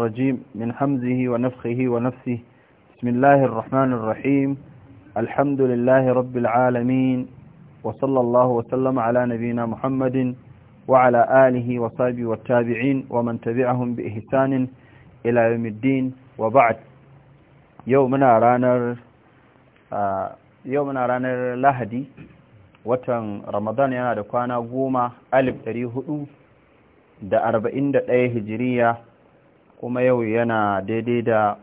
الرجيم من حمزه ونفخه ونفسه بسم الله الرحمن الرحيم الحمد لله رب العالمين وصلى الله وسلم على نبينا محمد وعلى آله وصحبه والتابعين ومن تبعهم بإحسان إلى يوم الدين وبعد يومنا رانر يومنا رانر لهدي watan ramadan yana da kwana goma alif ɗari hudu da arba'in da ɗaya hijiriya kuma yau yana daidai da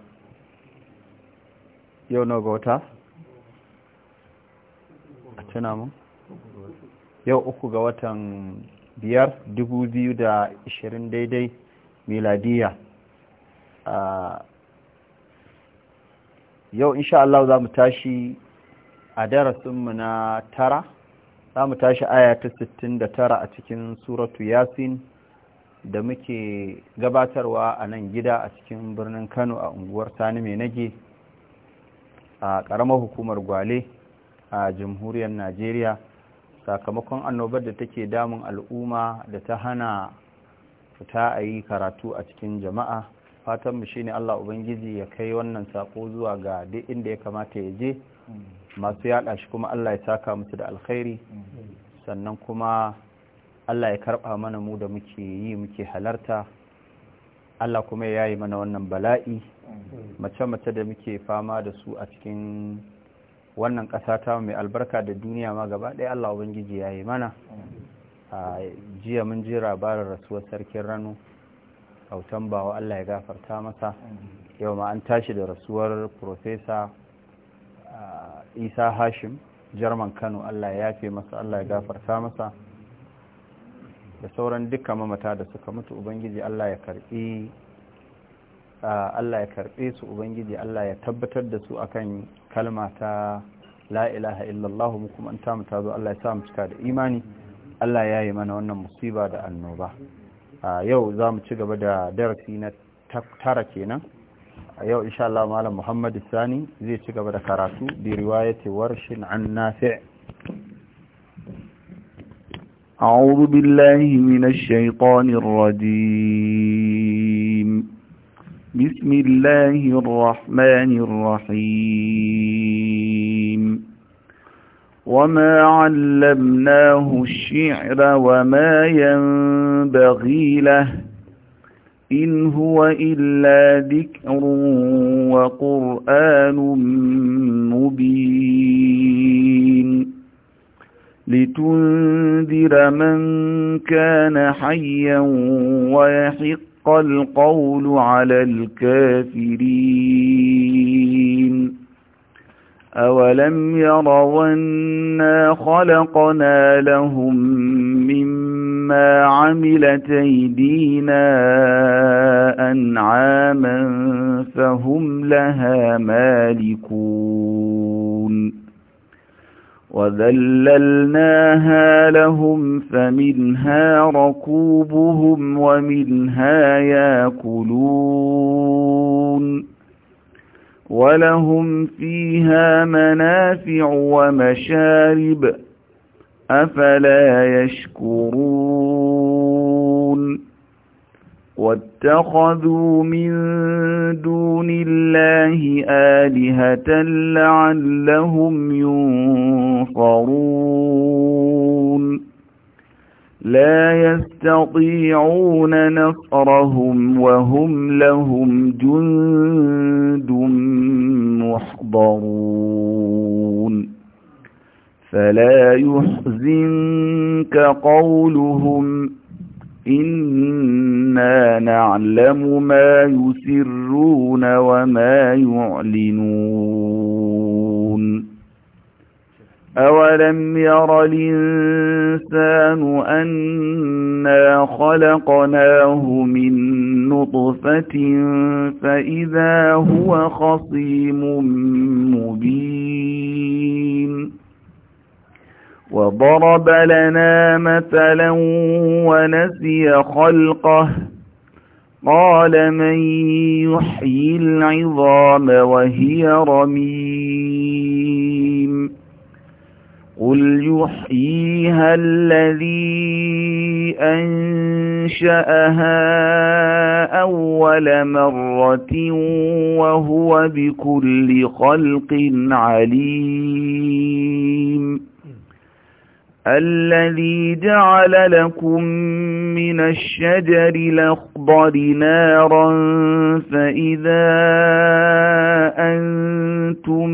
yau na ga wata a tuna mun yau uku ga watan biyar dubu biyu da ishirin daidai miladiya yau insha Allah za mu tashi a darasinmu na tara za mu tashi aya ta tara a cikin suratu yasin da muke gabatarwa a nan gida a cikin birnin kano a unguwar sani mai nage a ƙaramar hukumar gwale a jamhuriyar najeriya sakamakon annobar da take damun al'umma da ta hana fita a yi karatu a cikin jama'a fatanmu shine allah ubangiji ya kai wannan sako zuwa ga duk inda ya kamata ya je masu yaɗa shi kuma allah ya saka musu da alkhairi sannan kuma Allah ya karɓa mana mu da muke yi muke halarta Allah kuma ya yi mana wannan bala'i mace-mace da muke fama da su a cikin wannan ƙasa ta mai albarka da duniya ma gaba ɗaya Allah Ubangiji ya yi mana a jiya mun ji labarin rasuwar sarkin rano autan bawa Allah ya gafarta masa yau ma an tashi da rasuwar profesa isa hashim jarman kano Allah ya yafe masa Allah ya gafarta masa da sauran duka mamata da suka mutu ubangiji Allah ya karbi Allah ya karbe su ubangiji Allah ya tabbatar da su akan kalma ta la ilaha illallah mu kuma an tamu ta zo Allah ya sa mu cika da imani Allah ya yi mana wannan musiba da annoba yau za mu ci gaba da darasi na tara kenan a yau insha Allah malam Muhammad Sani zai ci gaba da karatu bi riwayati warshin an nafi' أعوذ بالله من الشيطان الرجيم بسم الله الرحمن الرحيم وما علمناه الشعر وما ينبغي له إن هو إلا ذكر وقرآن مبين لتنذر من كان حيا ويحق القول على الكافرين أولم يرون خلقنا لهم مما عملت أيدينا أنعاما فهم لها مالكون وَذَلَّلْنَاهَا لَهُمْ فَمِنْهَا رَكُوبُهُمْ وَمِنْهَا يَأْكُلُونَ وَلَهُمْ فِيهَا مَنَافِعُ وَمَشَارِبُ أَفَلَا يَشْكُرُونَ واتخذوا من دون الله آلهة لعلهم ينصرون لا يستطيعون نصرهم وهم لهم جند محضرون فلا يحزنك قولهم إنا نعلم ما يسرون وما يعلنون أولم ير الإنسان أنا خلقناه من نطفة فإذا هو خصيم مبين وضرب لنا مثلا ونسي خلقه قال من يحيي العظام وهي رميم قل يحييها الذي أنشأها أول مرة وهو بكل خلق عليم الذي جعل لكم من الشجر الأخضر نارا فإذا أنتم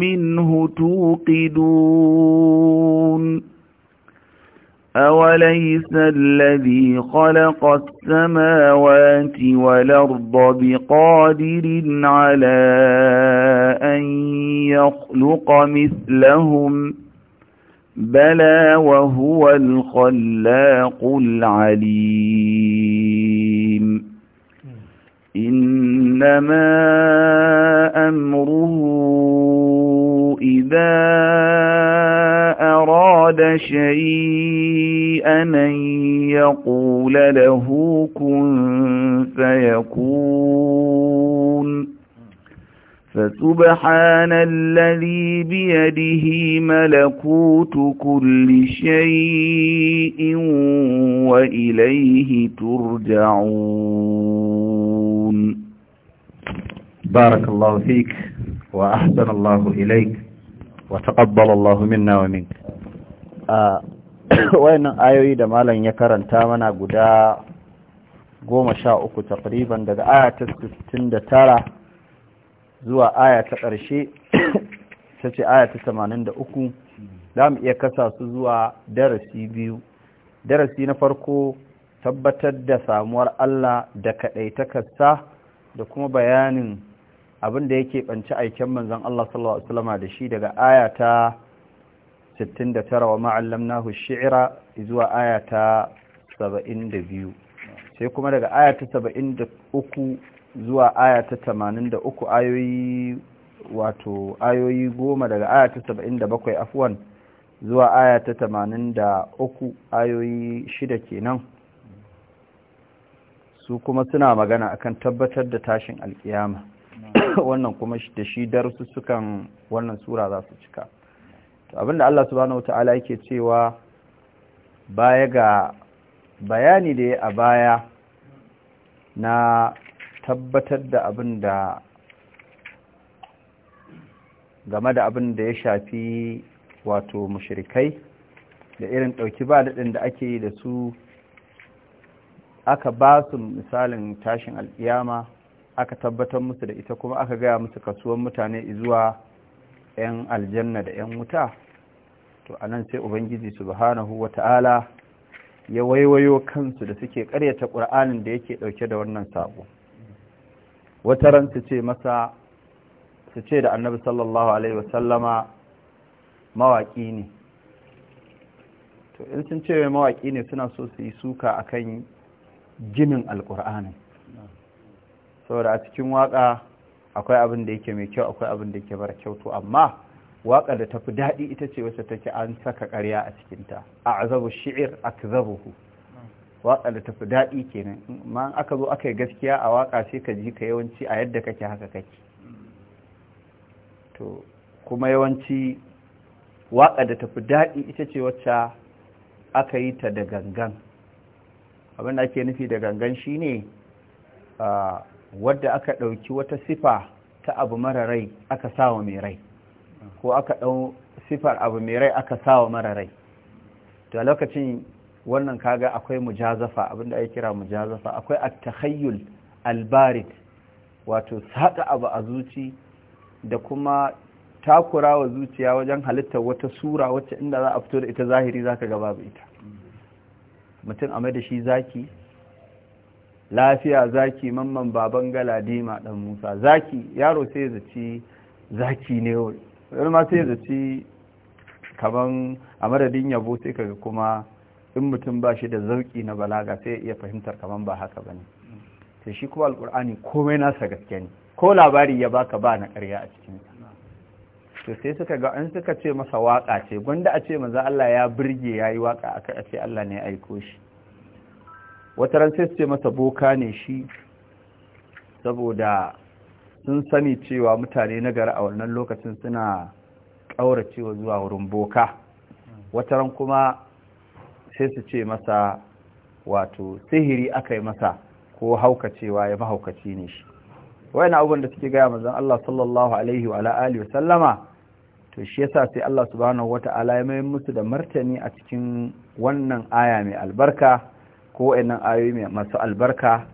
منه توقدون أوليس الذي خلق السماوات والأرض بقادر على أن يخلق مثلهم ؟ بلى وهو الخلاق العليم إنما أمره إذا أراد شيئا أن يقول له كن فيكون فسبحان الذي بيده ملكوت كل شيء وإليه ترجعون بارك الله فيك وأحسن الله إليك وتقبل الله منا ومنك وين ayoyi da يكرا تامنا karanta mana guda goma sha uku takriban daga aya ta zuwa aya ta ƙarshe ta ce aya ta 83 za mu iya kasa su zuwa darasi biyu darasi na farko tabbatar da samuwar Allah da kaɗaitakarsa da kuma bayanin abin da yake ɓanci aiken manzan Allah sallallahu Alaihi wasallama da shi daga aya ta 69 wa na shi'ira zuwa aya ta 72 sai kuma daga aya ta 73 zuwa aya ta tamanin da uku ayoyi wato ayoyi goma daga aya ta saba'in da bakwai afuwan zuwa aya ta tamanin da uku ayoyi shida kenan su kuma suna magana akan tabbatar da tashin alkiyama wannan kuma da shi darsu sukan wannan sura za su cika abinda Allah subhanahu ta'ala yake cewa baya ga bayani da ya a baya na tabbatar da abin da game da abin da ya shafi wato mushrikai da irin ɗauki ba daɗin da ake yi da su aka ba su misalin tashin al'iyama aka tabbatar musu da ita kuma aka gaya musu kasuwan mutane zuwa 'yan aljanna da 'yan wuta to a nan sai ubangiji su subhanahu wata'ala ya waiwayo kansu da suke karyata ƙur'anin da yake ɗauke da wannan sabo wata ran su ce masa su ce da annabi sallallahu alaihi wasallama mawaƙi ne to in sun ce mawaƙi ne suna so su yi suka akan ginin alƙur'ani saboda a cikin waƙa akwai abin da yake mai kyau akwai abin da yake mara kyau to amma waƙa da tafi daɗi ita ce wacce take an saka ƙarya a cikinta a azabu shi'ir akzabuhu waƙa da tafi daɗi kenan ma aka zo aka yi gaskiya a waƙa sai ka ji ka yawanci a yadda kake haka kake to kuma yawanci waƙa da tafi daɗi ita ce wacce aka yi ta da gangan abin da ake nufi da gangan shine wadda aka ɗauki wata sifa ta abu mara rai aka sawa mai rai ko aka ɗau sifar abu mai rai aka sawa mara rai to lokacin wannan kaga akwai mujazafa abinda ake kira mujazafa akwai at-takhayyul al-barid wato saka abu a zuci da kuma takurawa zuciya wajen halittar wata sura wacce inda za a fito da ita zahiri zaka ga babu ita mutum a mai da shi zaki lafiya zaki mamman baban galadima dan Musa zaki yaro sai ya zaci zaki ne wani ma sai ya zaci kaman a madadin yabo sai kaga kuma in mutum ba shi da zauki na balaga sai iya fahimtar kamar ba haka bane to shi kuma Alƙur'ani komai nasa gaske ne ko labari ya baka ba na ƙarya a cikin to sai suka ga an suka ce masa waka ce gwanda a ce manzo Allah ya burge yayi waka aka ce Allah ne ya aiko shi wata ran sai su ce masa boka ne shi saboda sun sani cewa mutane na gari a wannan lokacin suna ƙauracewa zuwa wurin boka wata ran kuma sai su ce masa wato sihiri aka yi masa ko haukacewa ya mahaukaci ne shi wayan abubuwan da suke gaya mazan Allah sallallahu alaihi wa wa sallama to shi yasa sai Allah subhanahu wata'ala ya mai musu da martani a cikin wannan aya mai albarka ko wayannan ayoyi mai masu albarka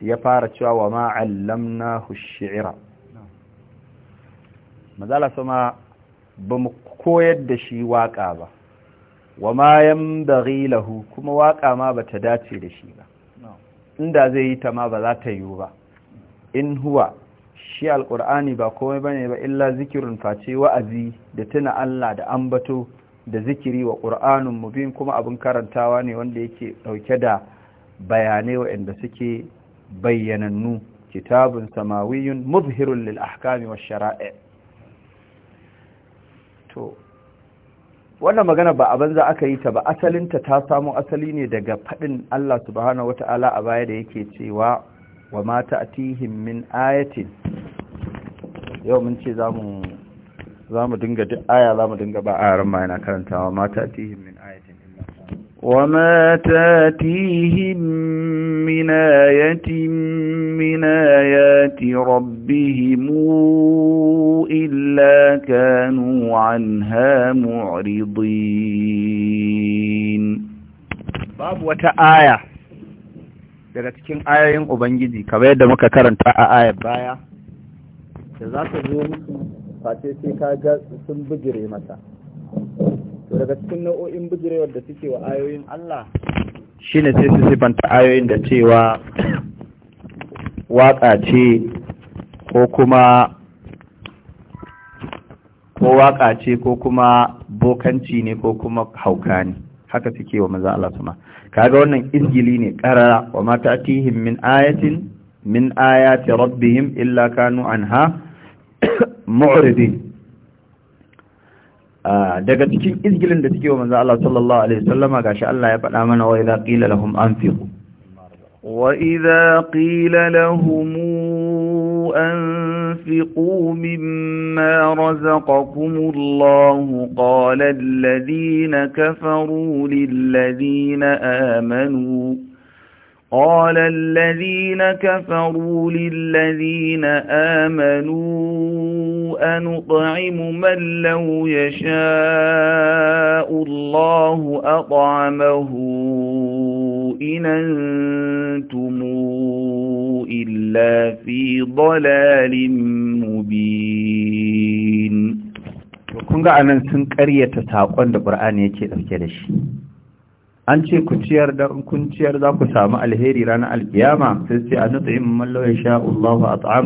ya fara cewa wa ma allamnahu shi'ra mazala sama mu koyar da shi waƙa ba wa ma yambaghi lahu kuma waka ma bata dace da shi ba inda zai yi ta ma ba za ta yiwu ba in huwa shi Alƙur'ani ba komai ne ba illa zikirun face wa'azi da tuna Allah da ambato da zikiri wa qur'anun mubin kuma abin karantawa ne wanda yake dauke da bayanai waɗanda suke bayyanannu kitabun samawiyun mubhirun lil ahkami wash shara'i to wannan magana ba a banza aka yi ta ba asalinta ta samo asali ne daga faɗin Allah subhanahu wata'ala a baya da yake cewa wa ma ta'tihim min ayatin yau mun ce zamu zamu dinga duk aya zamu dinga ba ayaran ma yana karantawa ma ta'tihim min ayatin وما تاتيهم min ayatin min ayati رب ربهم إلا كانوا عنها معرضين باب وتآية daga cikin ayoyin Ubangiji kamar yadda muka karanta a ayar baya da za ka zo musu face sai ka ga sun bijire mata. to daga cikin nau'o'in bijirewar da suke wa ayoyin Allah shine sai su sifanta ayoyin da cewa waƙa ce ko kuma ko waka ce ko kuma bokanci ne ko kuma hauka ne haka suke wa maza Allah suma kaga wannan izgili ne karara wa mata ta'tihim min ayatin min ayati rabbihim illa kanu anha mu'ridin ah, daga cikin izgilin da suke wa maza Allah sallallahu alaihi sallama, gashi Allah ya faɗa mana wa idza qila lahum anfiqu wa idza qila lahum أنفقوا مما رزقكم الله قال الذين كفروا للذين آمنوا قال الذين كفروا للذين آمنوا أنطعم من لو يشاء الله أطعمه إن أنتمون إلا في ضلال مبين kun ga anan sun karyata saƙon da ƙur'ani yake ɗauke da shi an ce ku ciyar da kun ciyar za ku samu alheri ranar alkiyama sai ce a tsaye mun mallo insha Allah a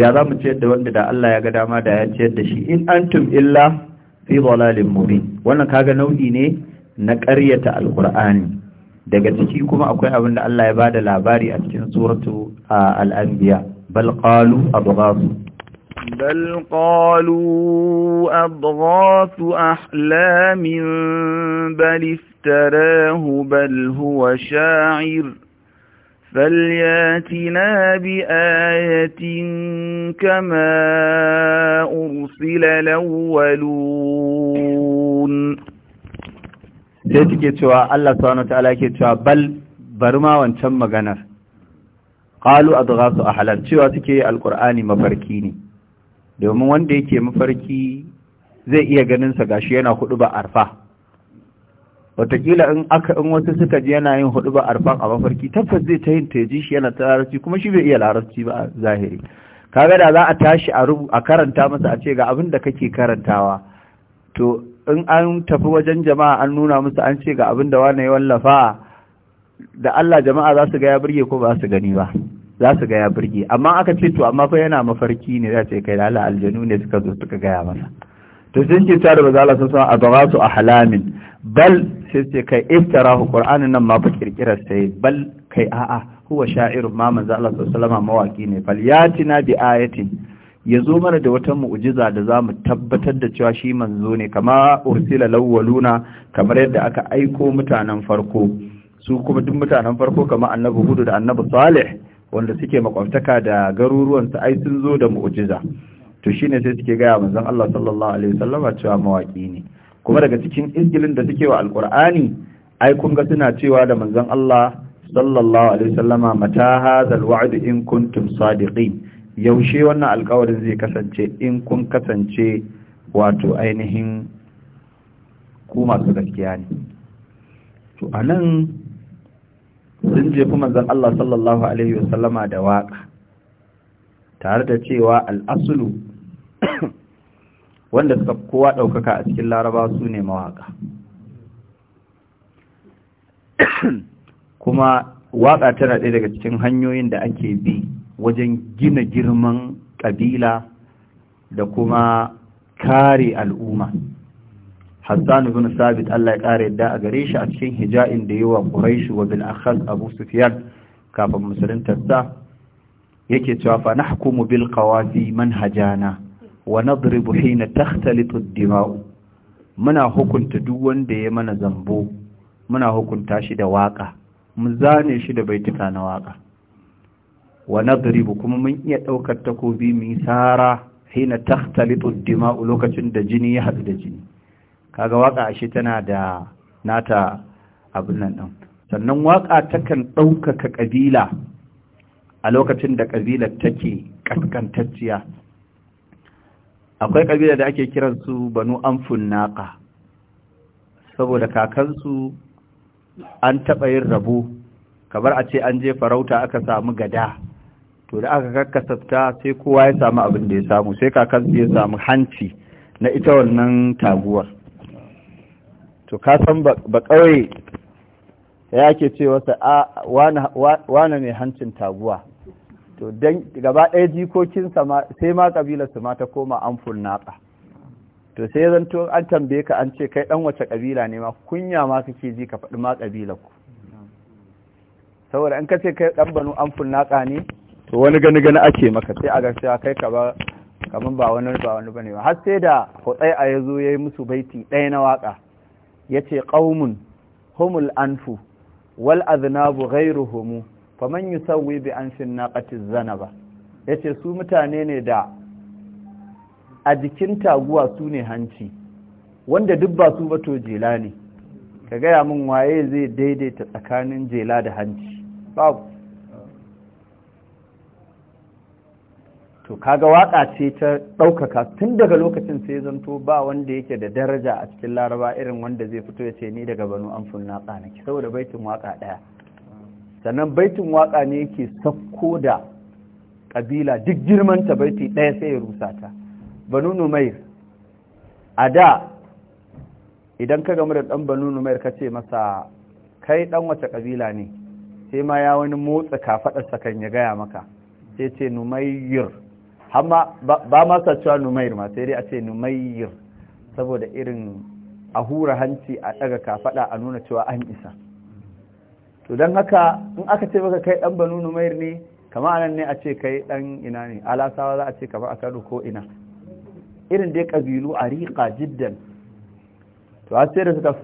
ya za mu ciyar da wanda da Allah ya ga dama da ya ciyar da shi in antum illa fi dhalalin mubin wannan kaga nau'i ne na ƙaryata alqur'ani daga ciki kuma akwai abin da Allah ya bada labari a cikin suratu al-anbiya bal qalu adghasu بل قالوا أضغاث أحلام bal افتراه بل هو شاعر فلياتنا بآية كما أرسل الأولون sai suke cewa Allah subhanahu ta'ala ke cewa bal bari ma wancan maganar Ƙalu a su a halar cewa suke yi Alƙur'ani mafarki ne domin wanda yake mafarki zai iya ganin sa gashi yana hudu ba arfa wataƙila in aka in wasu suka ji yana yin hudu ba arfa a mafarki tabbas zai ta yin teji shi yana ta larabci kuma shi bai iya larabci ba a zahiri kaga da za a tashi a rubu a karanta masa a ce ga abin da kake karantawa to in an tafi wajen jama'a an nuna musu an ce ga abin da wane wallafa da Allah jama'a za su ga ya birge ko ba su gani ba za su ga ya birge amma aka ce to amma fa yana mafarki ne za ce kai da aljanu ne suka zo suka gaya masa to sun ce tare ba za Allah san adghasu ahlamin bal sai ce kai iftarahu qur'anin nan ma fa kirkirar sai bal kai a'a huwa sha'irun ma manzo Allah sallallahu alaihi wasallam mawaki ne fal yatina bi ayatin ya zo mana da wata mu'jiza da za mu tabbatar da cewa shi manzo ne kama ursila lawaluna kamar yadda aka aiko mutanen farko su kuma duk mutanen farko kama annabi hudu da annabi salih wanda suke makwabtaka da garuruwan su ai sun zo da mu'jiza to shine sai suke gaya manzon Allah sallallahu alaihi wasallam cewa mawaki ne kuma daga cikin injilin da suke wa alqur'ani ai kun ga suna cewa da manzon Allah sallallahu alaihi wasallama mata hadha alwa'd in kuntum sadiqin yaushe wannan alkawarin zai kasance in kun kasance wato ainihin ku masu gaskiya ne to a nan sun jefi manzan Allah sallallahu Alaihi wasallama da waka tare da cewa al'asulu wanda suka kowa ɗaukaka a cikin laraba su ne mawaƙa kuma waka tana ɗaya daga cikin hanyoyin da ake bi wajen gina girman ƙabila da kuma kare al'umma hassan ibn sabit Allah ya kare yadda a gare shi a cikin hija'in da yawa quraish wa bil akhaz abu sufyan kafin sa yake cewa fa nahkumu bil qawafi manhajana wa nadribu hina takhtalitu ad-dima'u muna hukunta duk wanda ya mana zambo muna hukunta shi da waka mu zane shi da baituka na waka wa nadribu kuma mun iya daukar takobi muyi sara hina takhtalitu ad-dima'u lokacin da jini ya hadu da jini kaga waka ashe tana da nata abin nan din sannan waka takan daukaka kabila a lokacin da kabilar take kaskantacciya akwai kabila da ake kiran su banu amfun naqa saboda kakansu an taɓa yin rabo kamar a ce an je farauta aka samu gada to da aka kakkasafta sai kowa ya samu abin da ya samu sai kakar ya samu hanci na ita wannan taguwar to ka san ba kawai ya ke ce wasa wane mai hancin taguwa to don gaba ɗaya jikokinsa sai ma ƙabilarsu ma ta koma an naƙa to sai zan to an tambaye ka an ce kai ɗan wace ƙabila ne ma kunya ma kake ji ka faɗi ma ƙabilarku saboda an kace kai ɗan banu an naƙa ne to wani gani gani ake maka sai a ga cewa kai ka ba kamar ba wani ba wani bane ba har sai da hotsai a yazo yayi musu baiti ɗaya na waka yace qaumun humul anfu wal aznabu ghayruhum faman yusawwi bi anfin ba. zanaba yace su mutane ne da a jikin taguwa su ne hanci wanda duk ba su ba to jela ne ka gaya min waye zai daidaita tsakanin jela da hanci babu to kaga waka ce ta ɗaukaka tun daga lokacin sai zanto ba wanda yake da daraja a cikin laraba irin wanda zai fito ya ce ni daga banu an fulna tsanaki saboda baitin waka ɗaya sannan baitin waka ne yake sakko da ƙabila duk girman ta baiti ɗaya sai ya rusa ta banu numair a da idan ka gamu da ɗan banu numair ka ce masa kai ɗan wace ƙabila ne sai ma ya wani motsa kafaɗarsa kan ya gaya maka sai ce numayir amma ba ma sa cewa numair ma sai dai a ce numair saboda irin a hura hanci a daga kafada a nuna cewa an isa to don haka in aka ce maka kai dan banu numair ne kama anan ne a ce kai dan ina ne alasawa za a ce kama a kano ko ina irin dai kabilu a riƙa jiddan to a ce da suka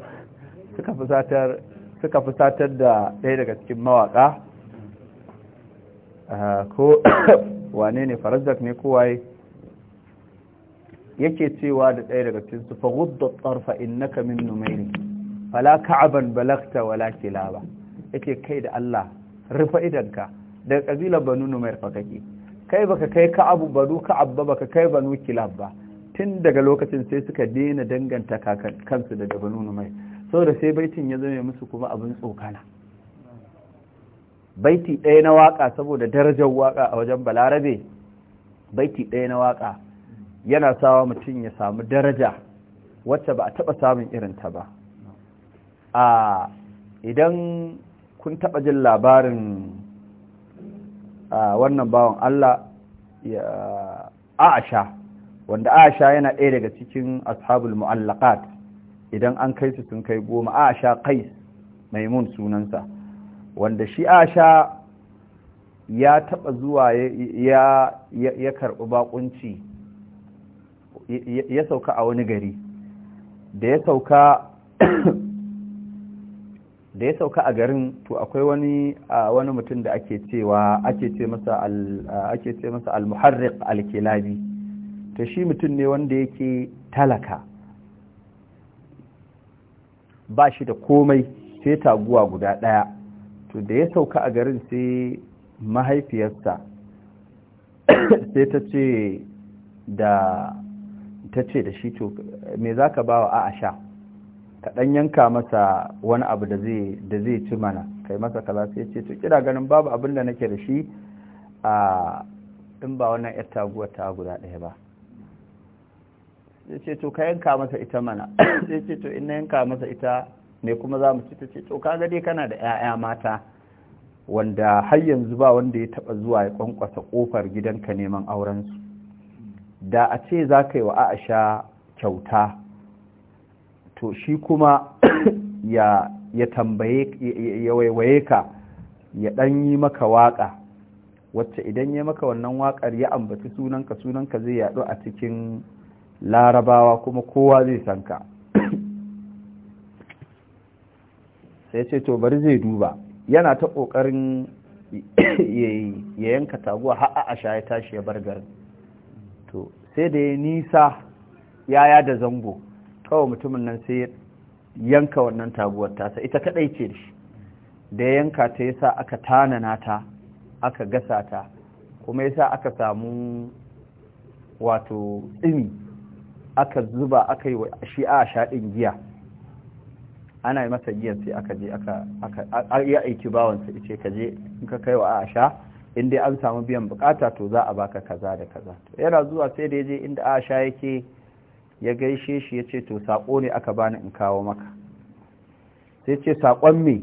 suka fusatar suka fusatar da ɗaya daga cikin mawaka ah, ko wane ne ne kowaye yake cewa da ɗaya daga cikin su faghudda tsarfa innaka min numairi fala ka'aban balagta wala kilaba yake kai da Allah rufa idanka daga kabila banu numair fa kake kai baka kai ka'abu banu ka'ab ba baka kai banu kilab ba tun daga lokacin sai suka daina danganta kansu daga banu sau saboda sai baitin ya zame musu kuma abin tsokana baiti ɗaya na waƙa saboda darajar waƙa a wajen balarabe baiti ɗaya na waƙa yana sawa mutum ya samu daraja wacce ba a taɓa samun ta ba a idan kun taɓa jin labarin wannan bawan Allah a'asha wanda a'asha yana ɗaya daga cikin ashabul mu'allaqat idan an kai su sun kai goma kai kai Maimun sunansa wanda shi sha ya taba zuwa ya karɓi karbi bakunci ya sauka a wani gari da ya sauka a garin to akwai wani mutum da ake cewa ake ce masa al muharriq al-kilabi to shi mutum ne wanda yake talaka ba shi da komai sai taguwa guda ɗaya. to da ya sauka a garin sai mahaifiyarsa sai ta ce da ta ce da shi to me za ka ba wa a'asha ka ɗan yanka masa wani abu da zai ci mana kai masa kaza sai ce to kira ganin babu abin da nake da shi a in ba wannan yar taguwar ta guda ɗaya ba sai ce to ka yanka masa ita mana sai ce to in na yanka masa ita ne kuma za mu ci ta ce to kaga dai kana da 'ya'ya mata wanda har yanzu ba wanda ya taɓa zuwa ya kwankwasa kofar gidanka neman aurensu da a ce za ka yi wa aisha kyauta to shi kuma ya ya tambaye ya waiwaye ka ya dan yi maka waka wacce idan ya maka wannan wakar ya ambaci sunanka sunanka zai yadu a cikin larabawa kuma kowa zai san ka sai ce to bari zai duba yana ta ƙoƙarin ya yanka taguwa har a sha ya tashi ya bar garin to sai da ya nisa yaya da zango kawai mutumin nan sai ya yanka wannan taguwar tasa ita kadai ce da shi da ya yanka ta yasa aka tanana ta aka gasa ta kuma yasa aka samu wato tsimi aka zuba aka yi wa shi a shaɗin giya ana masa giyar sai aka je aka ya aiki bawansa ice ka je in ka kai wa aisha in dai an samu biyan bukata to za a baka kaza da kaza yana zuwa sai da je inda aisha yake ya gaishe shi ya ce to sako ne aka bani in kawo maka sai ce sakon me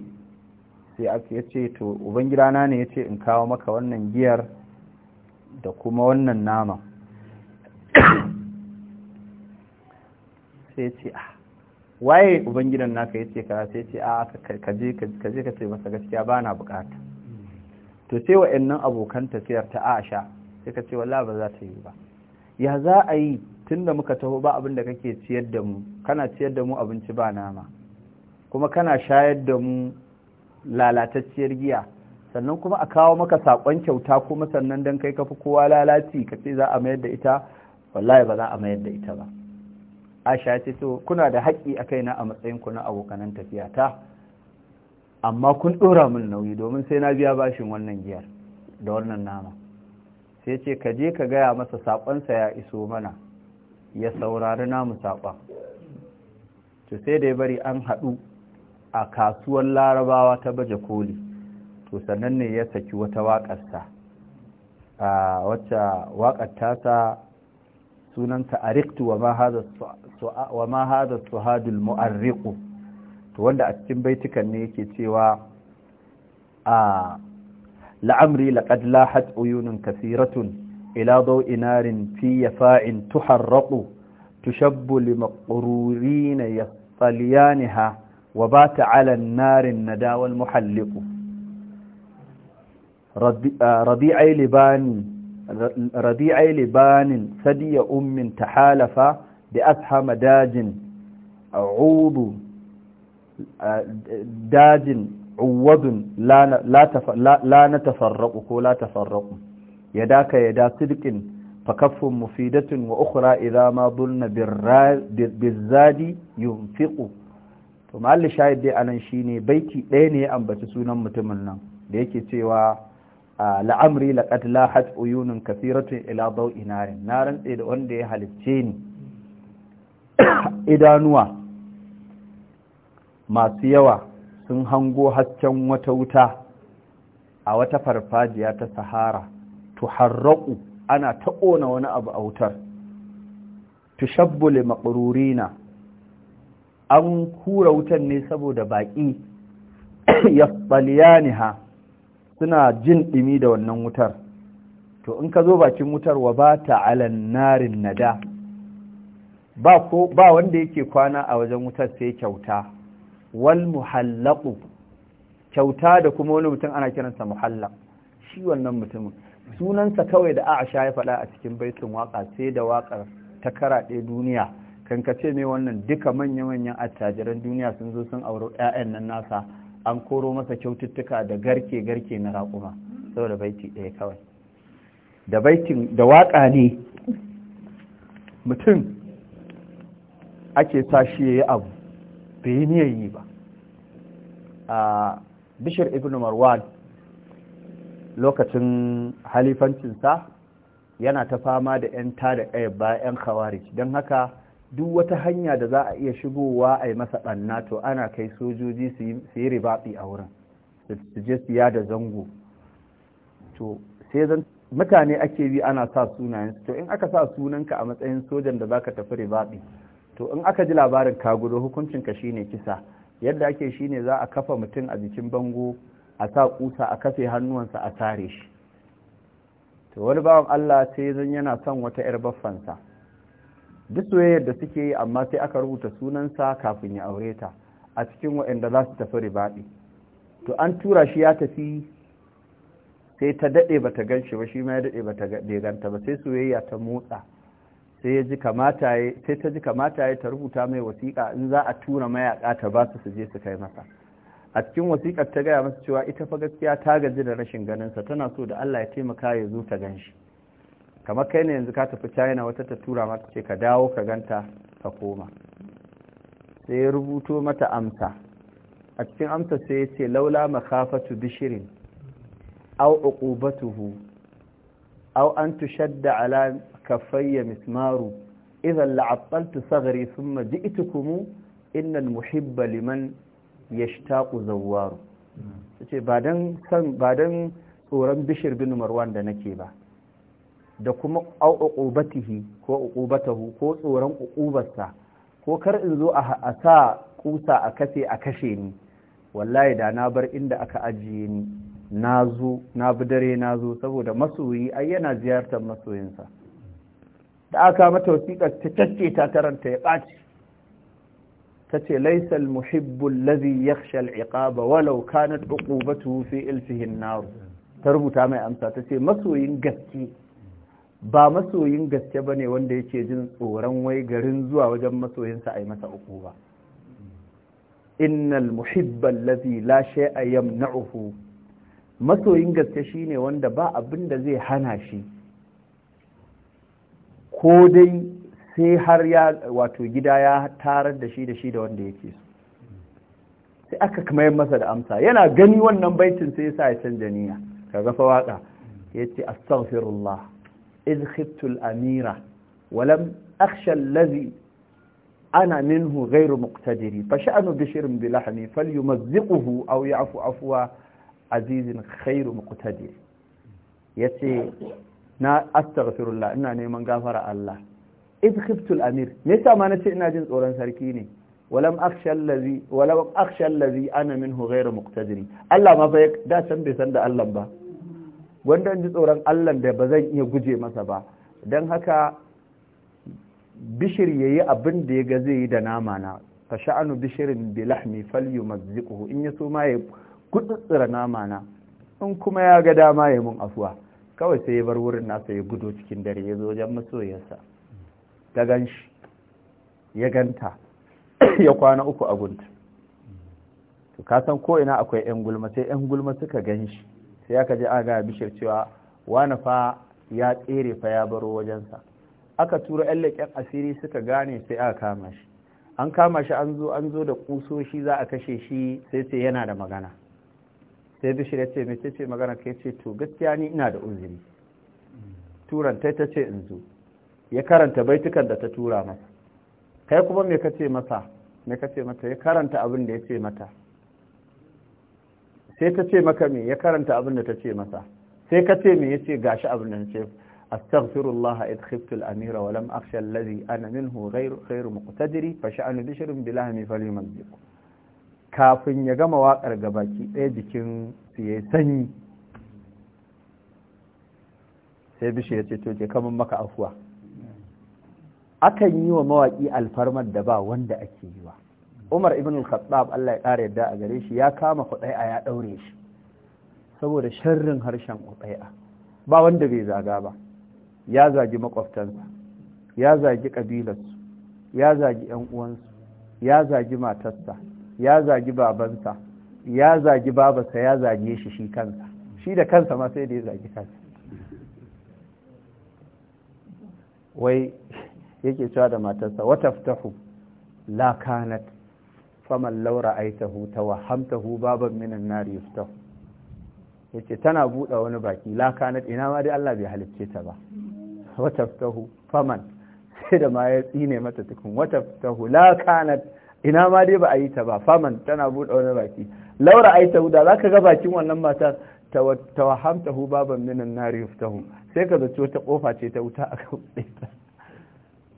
sai aka ce to ubangirana ne ya ce in kawo maka wannan giyar da kuma wannan nama sai ce ah waye ubangidan naka yace kaza sai ce a ka je ka ce masa gaskiya bana bukata to sai wa'annan abokan tafiyar ta Aisha sai ka ce wallahi ba za ta yi ba ya za a yi tunda muka taho ba abin da kake ciyar da mu kana ciyar da mu abinci ba nama kuma kana shayar da mu lalatacciyar giya sannan kuma a kawo maka sakon kyauta kuma sannan dan kai kafi kowa lalaci ka ce za a mayar da ita wallahi ba za a mayar da ita ba aisha ce to kuna da haƙƙi a kaina a matsayin ku na abokanan tafiya ta amma kun ɗora min nauyi domin sai na biya bashin wannan giyar da wannan nama sai ce ka je ka gaya masa sa ya iso mana ya saurari namu saƙon to sai da ya bari an haɗu a kasuwar larabawa ta baje koli to sannan ne ya saki wata waƙarsa a wacce waƙar tasa sunanka ariqtu wa ma hadha suhadul mu'arriqu to wanda a cikin baitukan ne yake cewa a la'amri laqad lahat uyunun kathiratun ila daw'i narin fi yafa'in tuharraqu tushabbu limaqrurina yastalyanha wa bata 'ala an-narin nadawa al-muhalliqu rabi'i libani rabi'ai libanin sadiya ummin tahalafa da ashama dajin a'udu dajin uwadun la na tafarraku ko la tafarraku ya daka ya da sidqin fakaffun mufidatun wa ukhra idza ma dhunna bizzadi yunfiqu to malli shahid dai anan shine baiki ɗaya ne ya ambaci sunan mutumin nan da yake cewa la'amri laqad lahat uyunun kathiratun ila daw'i narin na rantse da wanda ya halicce ni idanuwa masu yawa sun hango hasken wata wuta a wata farfajiya ta sahara tuharraku ana ta ƙona wani abu a wutar tushabbule shabbule maqrurina an kura wutan ne saboda baƙi yasbaliyaniha suna jin ɗimi da wannan wutar to in ka zo bakin wutar wa ba ta alan narin nada ba ba wanda yake kwana a wajen wutar sai kyauta wal muhallaqu kyauta da kuma wani mutum ana kiransa muhallaq shi wannan mutumin sunansa kawai da Aisha ya faɗa a cikin baitin waka sai da waƙar ta karaɗe duniya kankace mai wannan duka manya-manyan attajiran duniya sun zo sun auro 'ya'yan nan nasa an koro masa kyaututtuka da garke-garke na raƙuma saboda baiti ɗaya kawai da baitin da waƙa ne mutum ake sa shi ya yi abu bai yi niyan yi ba a bishir ibn marwan lokacin halifancinsa yana ta fama da 'yan tada ɗaya bayan 'yan khawarij don haka duk wata hanya da za a iya shigowa a yi masa ɓanna to ana kai sojoji su yi ribaɓi a wurin su je siya da zango to sai zan mutane ake bi ana sa sunayen to in aka sa sunanka a matsayin sojan da zaka tafi ribaɓi to in aka ji labarin ka hukuncin hukuncinka shine kisa yadda ake shine za a kafa mutum a jikin bango a sa kusa a kafe hannuwansa a tare shi to wani bawan Allah sai zan yana son wata 'yar baffansa duk soyayyar da suke yi amma sai aka rubuta sunansa kafin ya aure ta a cikin waɗanda za su tafi ribaɗi to an tura shi ya tafi sai ta daɗe ba ta gan shi ba shi ma ya daɗe ba ta ganta ba sai soyayya ta motsa sai ya ji kamata ya sai ta ji kamata ya ta rubuta mai wasiƙa in za a tura mayaƙa ta ba su su je su kai masa a cikin wasiƙar ta gaya masa cewa ita fa gaskiya ta gaji da rashin ganinsa tana so da Allah ya taimaka ya zo ta gan shi kamar kai ne yanzu ka tafi china wata ta tura mata ce ka dawo ka ganta ka koma sai ya rubuto mata amsa a cikin amsa sai ya ce laula makafatu bishirin au uqubatuhu au an tushadda ala kafayya mismaru idan la'attaltu sagari thumma ji'tukum innan muhibba liman yashtaqu zawwaru ce ba dan san ba dan tsoron bishir bin marwan da nake ba da kuma au ko uƙubatahu ko tsoron uƙubarsa ko kar in zo a sa kusa a kashe a kashe ni wallahi da na bar inda aka ajiye ni na zo na bi dare na zo saboda masoyi ai yana ziyartar masoyinsa da aka mata wasiƙa ta cacce ta taranta ya ɓaci ta ce laisal muhibbul ladhi yakhsha al-iqaba walau kanat uqubatu fi ilfihi an-nar ta rubuta mai amsa ta ce masoyin gaske ba masoyin gaske ba ne wanda yake jin tsoron wai garin zuwa wajen masoyinsa a yi masa uku ba innal muhibban lazi la shay'a yamna'uhu masoyin gaske shine wanda ba abin da zai hana shi ko dai sai har ya wato gida ya tarar da shi da shi da wanda yake sai aka kuma masa da amsa yana gani wannan baitin sai ya sa ya canja niyya kaga fa waka ce astaghfirullah إذ خبت الأميرة ولم أخشى الذي أنا منه غير مقتدر فشأن بشر بلحمي فليمزقه أو يعفو عفو عزيز خير مقتدر يتي نا أستغفر الله إنا نيمان غفر الله إذ خبت الأمير متى ما نتي إنا جنس أوران سركيني ولم أخشى الذي ولم أخشى الذي أنا منه غير مقتدر الله ما فيك دا سنبي سند الله با wanda ji tsoron Allah da ba zan iya guje masa ba don haka bishir ya yi abin da ya ga zai yi da nama na Ka sha'anu bishirin bi lahmi falyu mazziquhu in ya so ma ya gutsutsura nama na in kuma ya ga dama ya mun afuwa kawai sai ya bar wurin nasa ya gudo cikin dare ya zo wajen masoyarsa ta gan shi ya ganta ya kwana uku a gunta ka san ko ina akwai yan gulma sai yan gulma suka gan shi sai aka je aga bishir cewa wani fa ya tsere fa ya baro wajensa aka tura yan leƙen asiri suka gane sai aka kama shi an kama shi an zo an zo da kusoshi za a kashe shi sai ce yana da magana sai bishir ya ce mece ce magana ka ce to gaskiya ni ina da uzuri turan ta ta ce in zo ya karanta baitukan da ta tura masa kai kuma me ka ce masa me ka ce mata ya karanta abin da ya ce mata sai ta ce maka me ya karanta abin da ta ce masa sai ka ce me ya ce gashi abin da ce astaghfirullah id khiftu al-amira wa lam akhsha alladhi ana minhu ghayr ghayr muqtadiri fa sha'anu bilahmi kafin ya gama wakar gabaki ɗaya jikin su yayi sanyi sai bishi ya ce to ke kaman maka afuwa akan yi wa mawaki alfarmar da ba wanda ake yi wa umar ibn al-khattab Allah ya ƙara yadda a gare shi ya kama hudai'a ya ɗaure shi saboda sharrin harshen hudai'a ba wanda bai zaga ba ya zagi makwabtansa ya zagi ƙabilarsu, ya zagi yan uwansu ya zagi matarsa ya zagi babansa ya zagi babarsa ya zage shi shi kansa shi da kansa ma sai da ya zagi kansa wai yake cewa da matarsa wata fitahu la kanat faman laura aitahu tawahhamtahu baban minan nari yuftah yace tana buɗa wani baki laka na ina ma dai Allah bai halicce ta ba wataftahu faman sai da ma ya tsine mata tukun wataftahu laka na ina ma dai ba a yi ta ba faman tana buɗa wani baki laura aitahu da ka ga bakin wannan matar Ta tawahhamtahu baban minan nari yuftahu sai ka zaci wata kofa ce ta wuta aka kan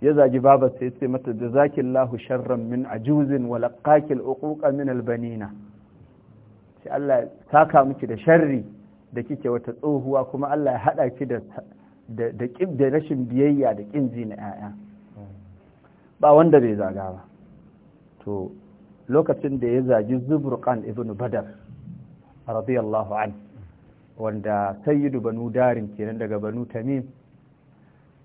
ya zagi baba sai ce mata da zakin lahu sharran min ajuzin wa laqakil uquqa min albanina sai Allah ya saka miki da sharri da kike wata tsohuwa kuma Allah ya hada ki da da da rashin biyayya da kin ji na yaya ba wanda bai zaga ba to lokacin da ya zagi Zubrqan Ibnu Badar radiyallahu anhu, wanda sayyidu banu darin kenan daga banu Tamim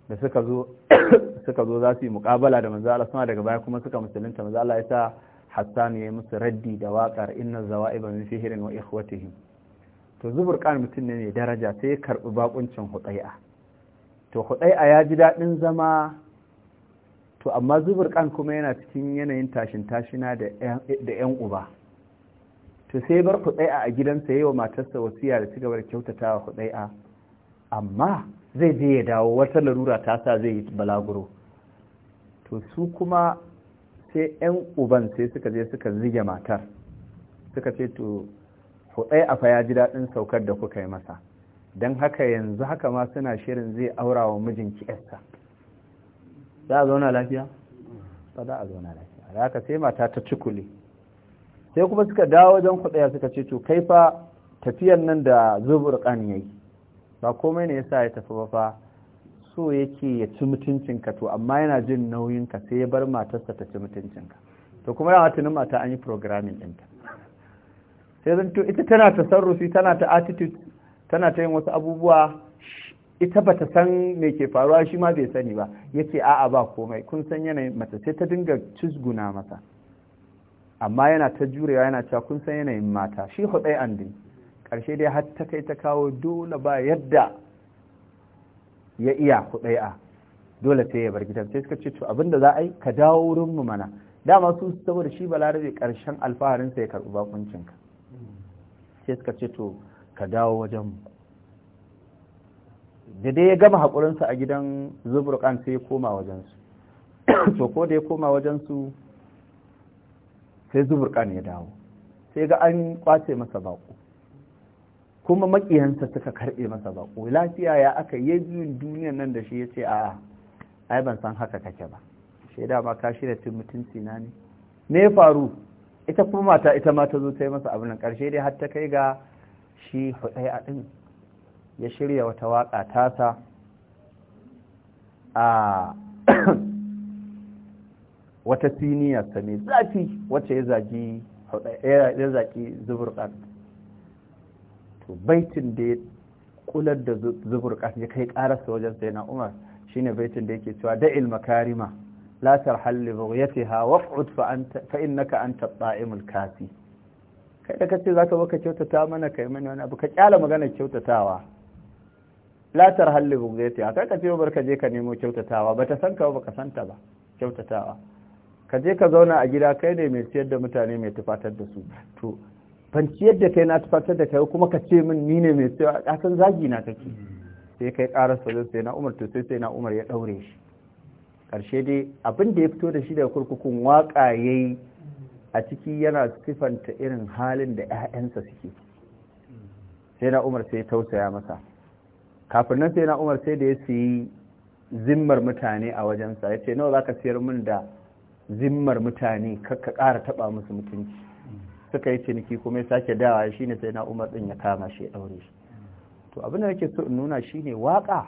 da suka zo suka zo za su yi muƙabala da manzo Allah sama daga baya kuma suka musulunta manzo Allah ya sa Hassan ya musu raddi da waƙar inna zawa'iba min sihrin wa ikhwatihim to zuburqan mutum ne mai daraja sai ya karbi bakuncin hudai'a to hudai'a ya ji dadin zama to amma zuburqan kuma yana cikin yanayin tashin tashina da da yan uba to sai bar hudai'a a gidansa yayin matarsa wasiya da cigaba da kyautatawa hudai'a amma zai je ya dawo wata larura ta sa zai yi balaguro to su kuma sai 'yan uban sai suka je suka zige matar suka ce to hudai afa ya ji daɗin saukar da kuka yi masa don haka yanzu haka ma suna shirin zai aura wa mijinki yarsa za a zauna lafiya? ba za a zauna lafiya da haka sai mata ta cikule sai kuma suka dawo wajen hudaya suka ce to kai fa tafiyar nan da zubur kan yayi ba komai ne yasa ya tafi ba fa so yake ya ci mutuncinka to amma yana jin nauyinka sai ya bar matarsa ta ci mutuncinka to kuma yawa tunin mata an yi programming ɗinta sai zan to ita tana ta sarrufi tana ta attitude tana ta yin wasu abubuwa ita bata san me ke faruwa shi ma bai sani ba yace a'a ba komai kun san yanayin mata sai ta dinga cizguna masa amma yana ta jurewa yana cewa kun san yanayin mata shi hudai an ƙarshe dai har ta kai ta kawo dole ba yadda ya iya kuɗai'a dole sai ya bar gidan sai suka ce to abinda za a yi ka dawo wurin mu mana dama su saboda shi balarabe ƙarshen alfaharin sai ya karɓi bakuncinka sai suka ce to ka dawo wajen mu da dai ya gama haƙurinsa a gidan zuburkan sai ya koma wajen su to ko da ya koma wajen su sai zuburkan ya dawo sai ga an kwace masa baƙo kuma makiyansa suka karbe masa bako lafiya ya aka yi biyun duniyan nan da shi ya ce a ai ban san haka kake ba shaida ma ka shirya tun mutunci na ne me ya faru ita kuma mata ita ma ta zo ta yi masa abin nan karshe dai har ta kai ga shi hudai a din ya shirya wata waka tasa a wata siniyarsa mai zafi wacce ya zaki ya zaki to baitin da ya kular da zubur ya kai karasa wajen na umar shine baitin da yake cewa da ilmakarima latar halli ba ya ce hawa anta fa'in innaka anta taɓa imul kafi kai da kace ka baka kyautata mana kai mani wani abu ka kyala magana kyautatawa Latar la tarhal ce a kai kace ka je ka nemo kyautatawa bata san ka ba ka santa ba kyautatawa ka je ka zauna a gida kai ne mai ciyar da mutane mai tufatar da su to fanciyar da kai na tufatar da kai kuma ka ce min ni ne mai tsaye a san zagi na kake sai kai ƙarar sojan sai na umar tosai sai na umar ya ɗaure shi ƙarshe dai abin da ya fito da shi daga kurkukun waƙa ya yi a ciki yana sifanta irin halin da 'ya'yansa suke sai na umar sai tausaya masa kafin nan sai na umar sai da ya sayi zimmar mutane a wajensa ya ce nawa za ka siyar min da zimmar mutane kakka ƙara taɓa musu mutunci suka yi ciniki kuma ya sake dawa shi ne sai na umar ɗin ya kama shi ya ɗaure shi to abin da nake so in nuna shi ne waƙa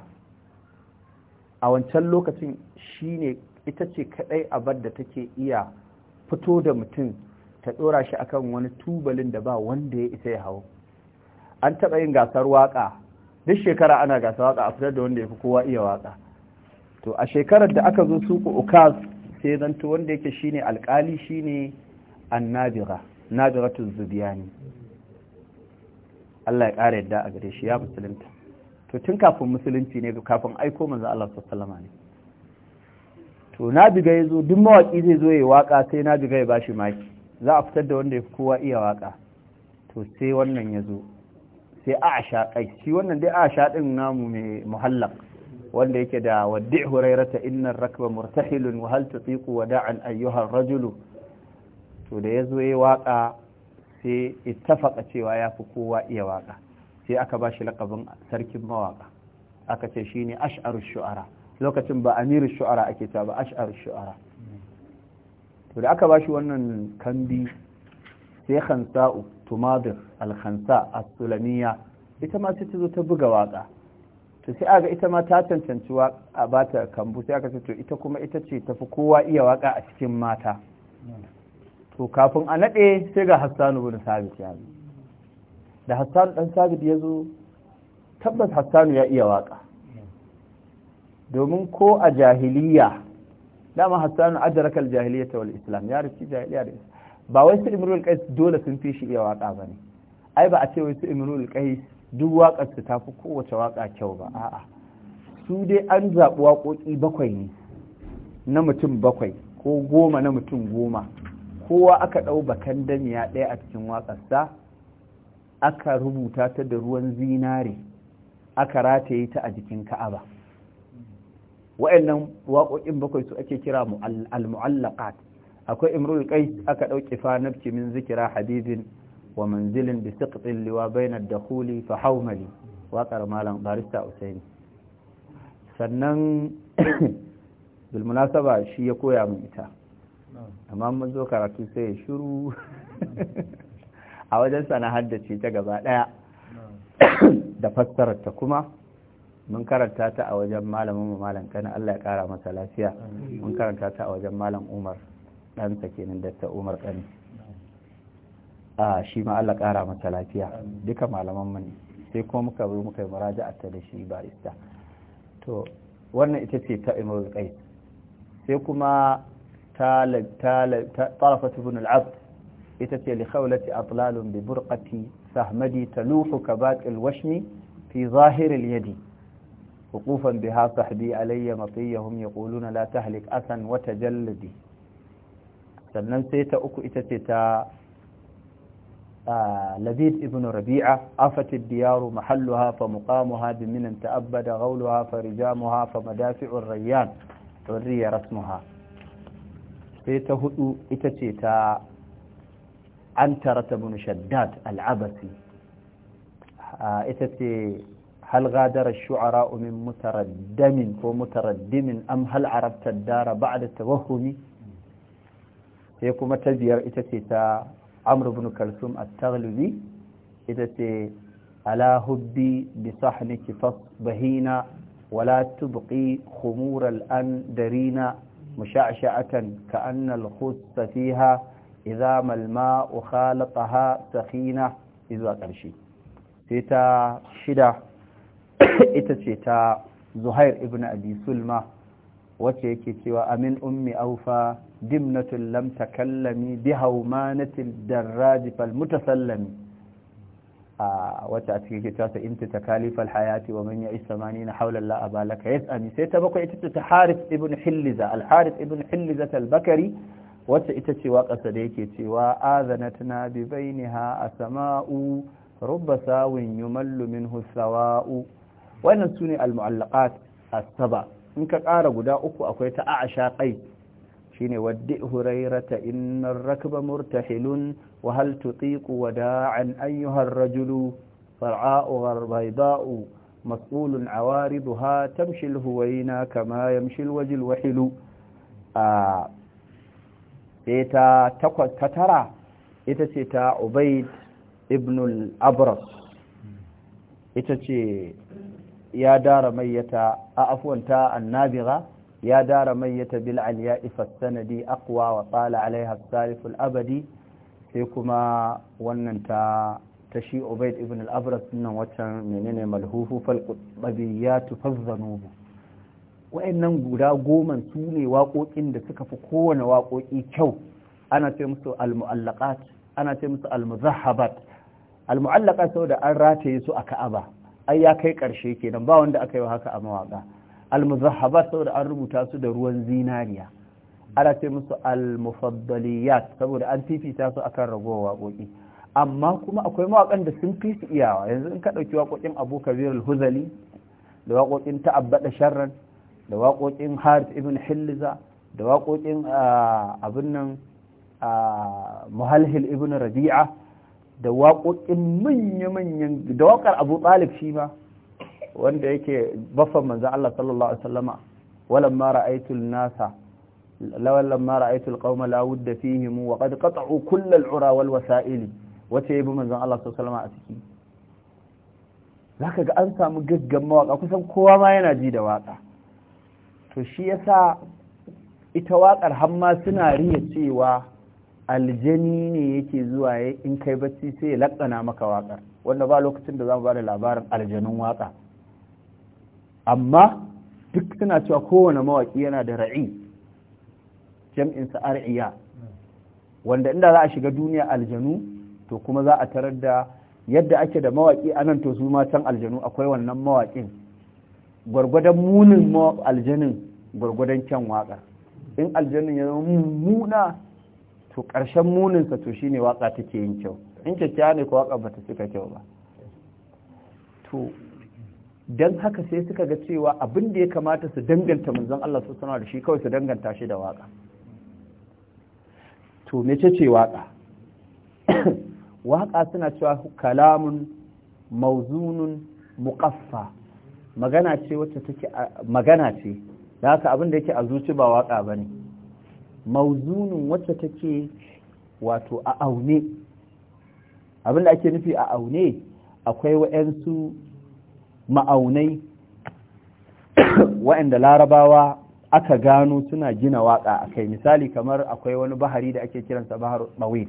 a wancan lokacin shi ne ita ce kaɗai abar da take iya fito da mutum ta ɗora shi akan wani tubalin da ba wanda ya isa ya hau an taɓa yin gasar waƙa duk shekara ana gasar waƙa a fitar da wanda ya fi kowa iya waƙa to a shekarar da aka zo suku ukaz sai zanto wanda yake shine alƙali shine annabira nadiratu zubiyani Allah ya ƙara yadda a gare shi ya musulunta to tun kafin musulunci ne kafin aiko manzo Allah sallallahu alaihi to na biga yazo duk mawaki zai zo yayi waka sai na biga ya bashi maki za a fitar da wanda ya kowa iya waka to sai wannan yazo sai asha kai shi wannan dai asha din namu mai muhallaq wanda yake da waddi hurairata innar rakba murtahilun wa hal tatiqu wada'an ayyuha ar-rajulu to da ya zo ya waƙa sai ittafaka cewa ya fi kowa iya waƙa sai aka ba shi laƙabin sarkin mawaƙa aka ce shi ne ash'arus shu'ara lokacin ba amiru shu'ara ake ta ba ash'arus shu'ara to da aka ba shi wannan kambi sai khansa tumadir al-khansa as sulamiya ita ma sai ta zo ta buga waƙa to sai aga ita ma ta cancanci a bata kambu sai aka ce to ita kuma ita ce tafi kowa iya waƙa a cikin mata to kafin a naɗe sai ga hassanu bin sabit ya zo da hassanu ɗan sabit ya zo tabbas hassanu ya iya waƙa domin ko a jahiliya dama hassanu ajarakal jahiliya ta wal islam ya rufi jahiliya da ba wai su imrul qais dole sun fi shi iya waƙa ba ne ai ba a ce wai su imrul qais duk waƙar su tafi kowace waƙa kyau ba a'a su dai an zaɓi waƙoƙi bakwai ne na mutum bakwai ko goma na mutum goma kowa aka ɗau bakan damiya ɗaya a cikin waƙarsa aka rubuta ta da ruwan zinare aka rataye ta a jikin ka'aba wa'annan waƙoƙin bakwai su ake kira al-mu'allaqat akwai imrul kai aka ɗauki fa nafki min zikira habibin wa manzilin bi siqtin liwa bainar huli fa hawmali waƙar malam barista usaini sannan bilmunasaba shi ya koya min ita amma mun zo karatu sai ya shiru a wajen sana haddace ta gaba ɗaya da fassararta kuma mun karanta ta a wajen malamin mu malam kana Allah ya kara masa lafiya mun karanta ta a wajen malam Umar ɗansa kenan datta Umar dan a shi ma Allah kara masa lafiya duka malaman mu ne sai kuma muka zo muka yi muraja'a ta da shi barista to wannan ita ce ta Imrul Qais sai kuma تالق تالق طرفة بن العبد إتتي لخولة أطلال ببرقة سهمدي تلوح كباك الوشم في ظاهر اليد وقوفا بها صحبي علي مطية هم يقولون لا تهلك أسا وتجلدي سنن سيتا أكو إتتي تا آه، لذيذ ابن ربيعة أفت الديار محلها فمقامها بمن تأبد غولها فرجامها فمدافع الريان تري رسمها sai ta hudu ita ce ta an tarata bin shaddad al'abasi ita ce hal gadara shu'ara min mutaraddamin ko mutaraddimin am hal arabta dara ba'da tawahumi sai kuma ta biyar ita ce ta amr bin kalsum a taghlibi ita ce ala hubbi bi kifas bahina wala tubqi khumur al-andarina mashashi'atan ka annal khusta fiha idza mal ma'u khalataha sakhina izuwa karshe sai ta shida ita ce ta zuhair ibn abi sulma wacce yake cewa amin ummi awfa dimnatul lam takallami bi hawmanatil darraj fal mutasallami wata a cikin ke inta ta kalifal hayati wa manya isamani na haular la'aba laka ya tsami sai ta bakwai ita ta haris ibn hilliza al ibn hilliza talbakari wata ita ce waƙasa da yake cewa azanatna bi bainiha a sama'u rubba sawin yumallu minhu husawau wannan sune al-mu'allaqat as-saba in ka ƙara guda uku akwai ta a'asha kai shine waddi hurairata innar rakba murtahilun وهل تطيق وداعا أيها الرجل فرعاؤها البيضاء مسؤول عوارضها تمشي الهوينا كما يمشي الوجه الوحل آه إيتا تقوى تترى إيتا تيتا عبيد ابن الأبرص إيتا تي يا دار ميتا أفوانتا النابغة يا دار ميتا بالعلياء فالسندي أقوى وطال عليها السالف الأبدي sai kuma wannan ta ta shi Ubaid ibn al-Abras nan waccan menene malhufu fal qutbiyatu fazzanubu wayannan guda goma su ne waƙoƙin da suka fi kowane waƙoƙi kyau ana ce musu al-mu'allaqat ana ce musu al-muzahhabat al-mu'allaqat saboda an rataye su a Ka'aba ai ya kai ƙarshe kenan ba wanda aka yi haka a mawaka al-muzahhabat saboda an rubuta su da ruwan zinariya ana ce musu al-mufaddaliyat saboda an fifita su akan ragowar waƙoƙi amma kuma akwai mawaƙan da sun fi iyawa yanzu in ka ɗauki waƙoƙin Abu Kabir al-Huzali da waƙoƙin Ta'abbada Sharran da waƙoƙin Harith ibn Hilza da waƙoƙin ah, abin nan ah, Muhalhil ibn Rabi'a da waƙoƙin manya-manyan da waƙar Abu Talib shi ma wanda yake baffan manzo Allah sallallahu alaihi wasallama walamma ra'aytul nasa lawan lamma ra'aytul qauma la wudda fihim wa qad qat'u kull al wal wasa'il wace yabi manzon Allah sallallahu alaihi a ciki zaka ga an samu gaggan mawaka kusan kowa ma yana ji da waka to shi yasa ita wakar hamma suna riya cewa aljani ne yake zuwa in kai bacci sai ya laƙana maka wakar wanda ba lokacin da zamu bada ba da labarin aljanun waka amma duk suna cewa kowane mawaƙi yana da ra'i jam'insa ar'iya wanda inda za a shiga duniya aljanu to kuma za a tarar da yadda ake da mawaki a nan to su ma can aljanu akwai wannan mawakin. gwargwadon munin aljanin gwargwadon can waƙar in aljanin ya zama muna to ƙarshen muninsa to shine waƙa take yin kyau in kyakkyawa ne ko waƙa ba ta cika kyau ba to don haka sai suka ga cewa abin da ya kamata su danganta manzon Allah su da shi kawai su danganta shi da waka to mece ce waƙa waƙa suna cewa kalamun mauzunun muƙaffa magana ce wacce take magana ce da haka abin da yake a zuci ba waƙa ba ne mauzunun wacce take wato a aune abin da ake nufi a aune akwai wa'yansu ma'aunai wa'anda larabawa aka gano suna gina waƙa a kai misali kamar akwai wani bahari da ake kiransa bahar mawil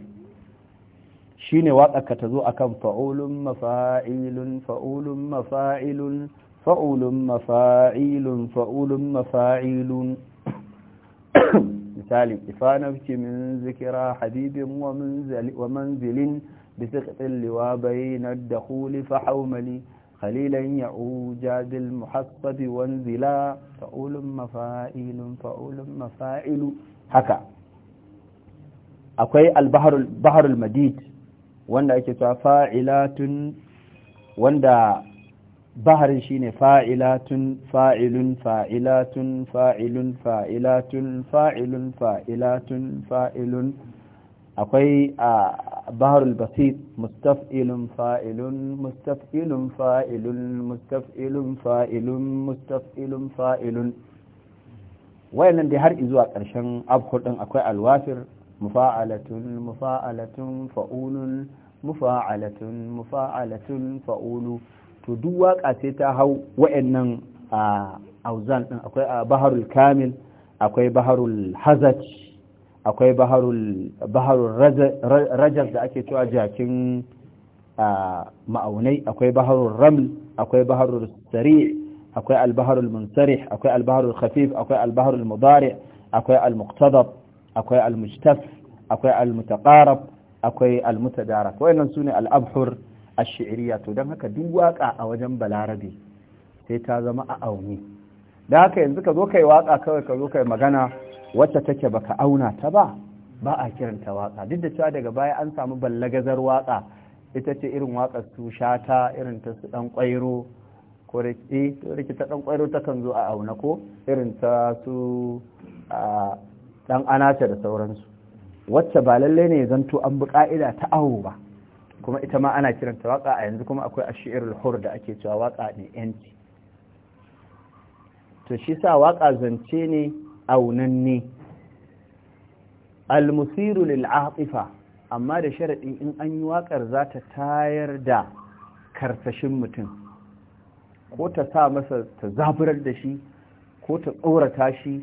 shi ne ka ta zo a kan fa'ulun mafa'ilun fa'ulun mafa'ilun fa'ulun mafa'ilun fa'ulun mafa'ilun misali ifanafki min zikira habibin wa manzilin bisikin liwa bayanar da huli fa'aumali khalilan ya'uja bil muhassabi wanzila fa'ulun mafa'ilun fa'ulun mafa'ilu haka akwai al-baharul madid wanda ake cewa fa'ilatun wanda baharin shine fa'ilatun fa'ilun fa'ilatun fa'ilun fa'ilatun fa'ilun fa'ilatun fa'ilun akwai a bahar al-basit mustaf'ilun fa'ilun mustaf'ilun fa'ilun mustaf'ilun fa'ilun mustaf'ilun fa'ilun wayannan dai har zuwa ƙarshen abhudin akwai alwafir mufa'alatun mufa'alatun fa'ulun mufa'alatun mufa'alatun fa'ulu to duk waƙa sai ta hau wayannan a auzan din akwai baharul kamil akwai baharul hazaj akwai baharul rajar da ake cewa jakin ma'aunai akwai baharul raml akwai baharul sari akwai albaharul munsari akwai albaharul khafif akwai albaharul mubari akwai almuqtadab akwai almujtaf akwai almutaqarab akwai almutadarak wayannan sune al-abhur a shiriyya to dan haka duk waka a wajen balarabe sai ta zama a auni da haka yanzu ka zo kai waka kawai ka zo yi magana wacce take baka auna ta ba ba a kiranta waka duk da cewa daga baya an samu ballagazar waka ita ce irin wakar su shata irin ta su dan kwairo ko eh, riki ta dan kwairo takan zo a auna ko irin ta su dan anata da sauransu wacce ba lalle ne zanto an bi ka'ida ta awo ba kuma ita ma ana kiranta waka a yanzu kuma akwai ashirul hur da ake cewa waka ne yanci to shi sa waka zance ne aunanne almusiru lil'atifa amma da sharaɗi in an yi waƙar za ta tayar da karsashin mutum ko ta sa masa ta zaburar da shi ko ta tsorata shi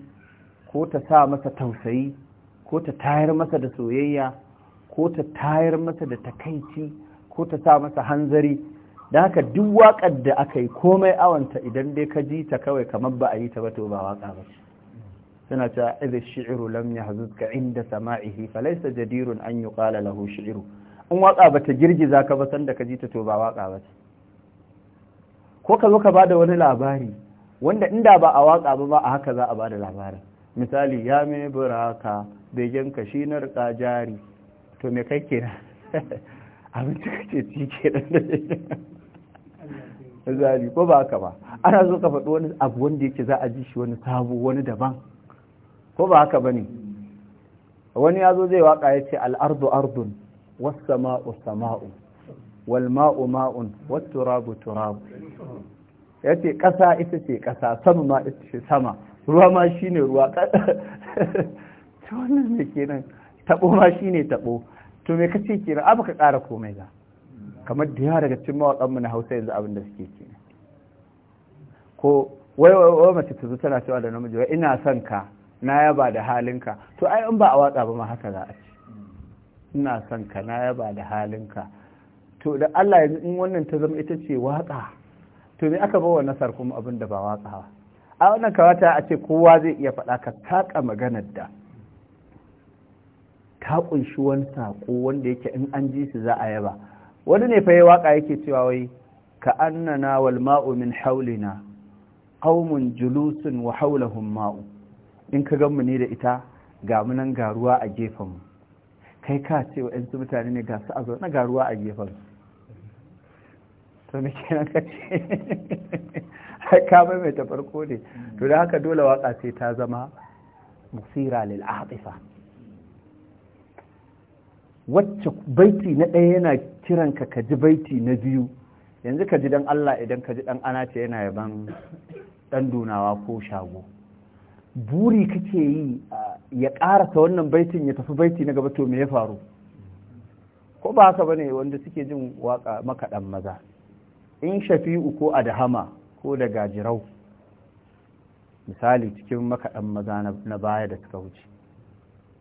ko ta sa masa tausayi ko ta tayar masa da soyayya ko ta tayar masa da takaici ko ta sa masa hanzari da haka duk waƙar da aka yi komai awanta idan dai ka ji ta kawai kamar ba a yi ta ba to ba waƙa ba ce suna cewa idza shiiru lam hazuka inda sama'ihi falaysa jadirun an yuqala lahu shi'iru in waka ta girgiza ka ba san da ka ji ta to ba waka ba ko ka zo ka bada wani labari wanda inda ba a waka ba ba a haka za a bada labarin misali ya me buraka begen ka shi na rika jari to me kai kenan abinci kace ci kenan zari ko ba haka ba ana so ka faɗi wani abu wanda yake za a ji shi wani sabo wani daban ko ba haka bane wani yazo zai waka yace al-ardu ardun was sama'u sama'u wal ma'u ma'un wat turabu turabu yace kasa ita ce kasa sama ma ita ce sama ruwa ma shine ruwa to wannan ne kenan tabo ma shine tabo to me kace kenan abu ka ƙara komai ga kamar da ya daga cikin mawaƙan mu na Hausa yanzu abin da suke kenan ko wai wai mace ta zo tana cewa da namiji wai ina son ka na yaba da halinka to ai in ba a watsa ba ma haka za a ce ina son ka na yaba da halinka to da Allah yanzu in wannan ta zama ita ce watsa to me aka wa nasar kuma abin da ba watsa ba a wannan kawata a ce kowa zai iya faɗa ka taka maganar da ta kunshi wani saƙo wanda yake in an ji su za a yaba wani ne fa ya waka yake cewa wai ka annana wal ma'u min haulina qaumun julusun wa haulahum ma'u in ka gan mu ne da ita ga mu nan garuwa a gefen kai ka ce wa yansu mutane ne ga su a zaune garuwa a gefen to me nan ka ce ka kama mai ta farko ne to da haka dole waka sai ta zama musira lil atifa wacce baiti na ɗaya yana kiran ka ka ji baiti na biyu yanzu ka ji dan Allah idan ka ji dan ana ce yana yaban dan dunawa ko shago buri kake yi ya karasa wannan baitin ya tafi baiti na gaba to me ya faru ko ba haka bane wanda suke jin waka makaɗan maza in shafi'u ko Dahama ko da gajirau misali cikin makaɗan maza na baya da suka wuce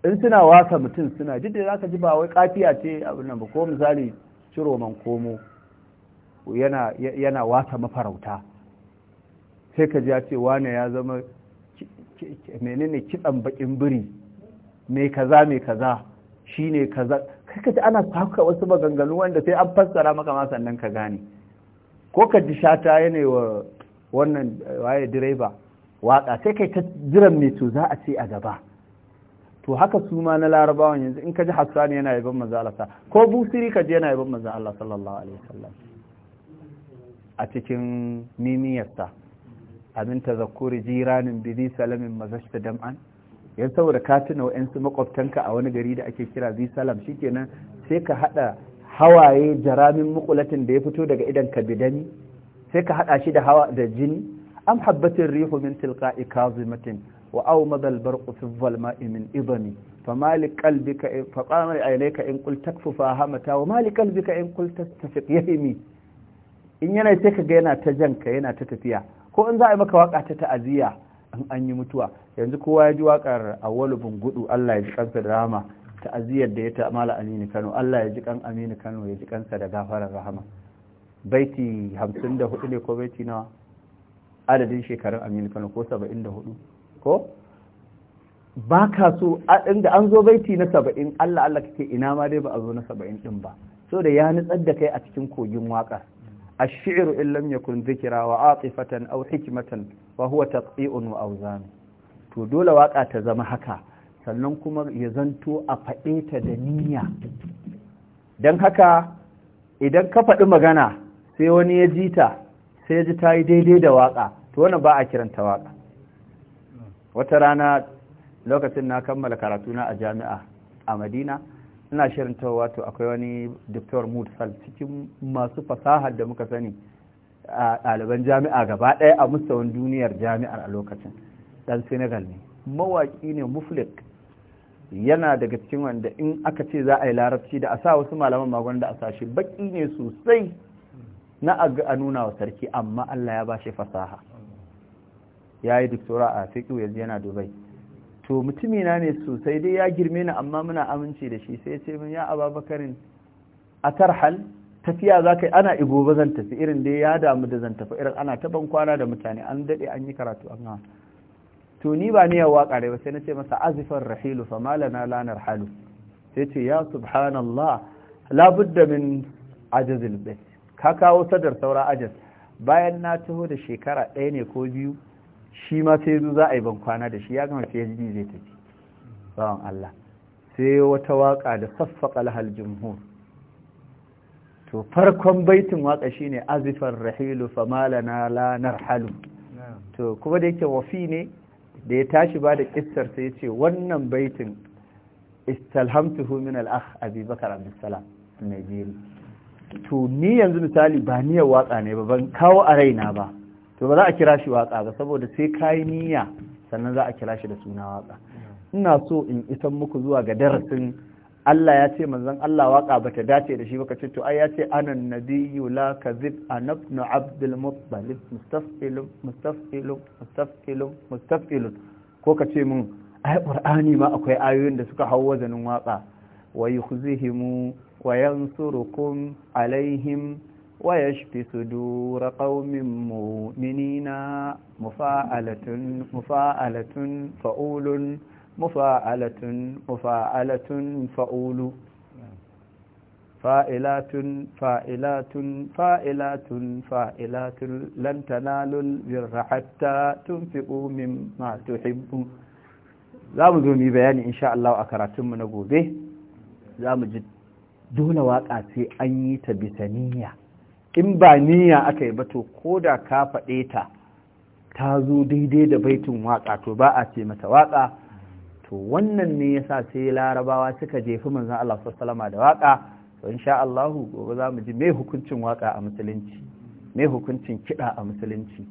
in suna wasa mutum suna jidda za ka ji ba wai kafiya ce abin nan ba ko misali ciro man komo yana wasa mafarauta sai ka ji ya ce wane ya zama menene kitsan bakin biri Me kaza me kaza shine kaza kai ka ana saka wasu maganganu wanda sai an fassara maka ma sannan ka gane ko ka ji shata yana wa wannan eh, waye direba waka sai kai ta jiran mai to za a ce a gaba to haka su ma na larabawan yanzu in ka ji hassani yana yaban manzo Allah ko busiri ka ji yana yaban manzo Allah sallallahu alaihi wasallam a cikin mimiyarsa amin zakuri jiranin bi salamin mazashta dam'an yan saboda ka tuna wa'yansu makwabtanka a wani gari da ake kira zi salam shikenan sai ka haɗa hawaye jaramin mukulatin da ya fito daga idan ka bidani sai ka haɗa shi da hawa da jini am habbatin rihu min tilqa'i kazimatin wa awmada al-barqu fi dhalma'i min idani فما لقلبك فقام عينيك إن قلت hamata wa وما لقلبك إن قلت تستفق يهمي in yana sai ka ga yana ta janka yana ta tafiya ko in za a yi maka waka ta ta'aziyya in an yi mutuwa yanzu kowa ya ji wakar awwalu gudu. Allah ya ji kansa da rahama ta'aziyyar da ya ta mala Aminu Kano Allah ya ji kan Aminu Kano ya ji kansa da gafarar rahama baiti hamsin da hudu ne ko baiti nawa adadin shekarun Aminu Kano ko saba'in da hudu, ko ba ka so inda an zo baiti na saba'in Allah Allah kake ina ma dai ba a zo na saba'in din ba so da ya nutsar da kai a cikin kogin waƙar الشعر إن لم يكن ذكرا وعاطفة أو حكمة To dole وأوزان تدول zama haka sannan kuma ya zanto a faɗe da niyya don haka idan ka faɗi magana sai wani ya ji ta sai ya ji ta yi daidai da waƙa to wani ba a kiranta waƙa wata rana lokacin na kammala karatuna a jami'a a madina ina shirin ta wato akwai wani dr sal cikin masu fasahar da muka sani a ɗaliban jami'a gaba ɗaya a mustawan duniyar jami'ar a lokacin ɗan senegal ne mawaƙi ne muflik yana daga cikin wanda in aka ce za a yi larabci da a sa wasu malaman magon da a sa shi baƙi ne sosai na a ga nuna wa sarki amma allah ya ba shi fasaha ya yi doktora a fiƙi yanzu yana dubai to mutumina ne sosai dai ya girme ni amma muna aminci da shi sai ce min ya ababakarin a tarhal tafiya za ka yi ana igo ba zan tafi irin dai ya damu da zan tafi irin ana taban kwana da mutane an daɗe an yi karatu an hawa to ni ba ni ya waƙa dai ba sai na ce masa azifar rahilu fa malana lanar halu sai ce ya subhanallah labudda min ajazil bait ka kawo sadar saura ajaz bayan na taho da shekara ɗaya ne ko biyu shi ma sai zo za a yi ban kwana da shi ya gama yanzu zai tafi bawan Allah sai wata waka da saffaka lahal jumhur to farkon baitin waka shine azifar rahilu famalana la Halu. to kuma da yake wafi ne da ya tashi ba da kissar sai ce wannan baitin istalhamtuhu min al-akh abi bakar to ni yanzu misali ba niyyar waka ne ba ban kawo a raina ba to ba za a kira shi waka ba saboda sai kayi niyya sannan za a kira shi da suna waka ina so in isan muku zuwa ga darasin Allah ya ce manzon Allah waka bata dace da shi ba kace to ai ya ce anan nabiyyu la kadhib anabnu abdul muttalib mustafilu mustafilu mustafilu mustafilun ko kace mun ai qur'ani ma akwai ayoyin da suka hawo wazanin waƙa wa yukhzihimu wa yansurukum alaihim ويشفي صدور قوم مؤمنين مفاعلة مفاعلة فؤول مفاعلة مفاعلة فؤول فائلات فائلات فائلات فائلات لن تنالوا البر حتى تنفقوا مما تحبون za mu zo mi bayani insha Allah a karatunmu na gobe za mu ji dole waka sai an yi ta bisaniya in ba niyya aka yi ba to ko da ka faɗe ta ta zo daidai da baitin waƙa to ba a ce mata waƙa to wannan ne yasa sai larabawa suka jefi manzon Allah sallama da waƙa to insha Allah gobe za mu ji me hukuncin waƙa a musulunci me hukuncin kiɗa a musulunci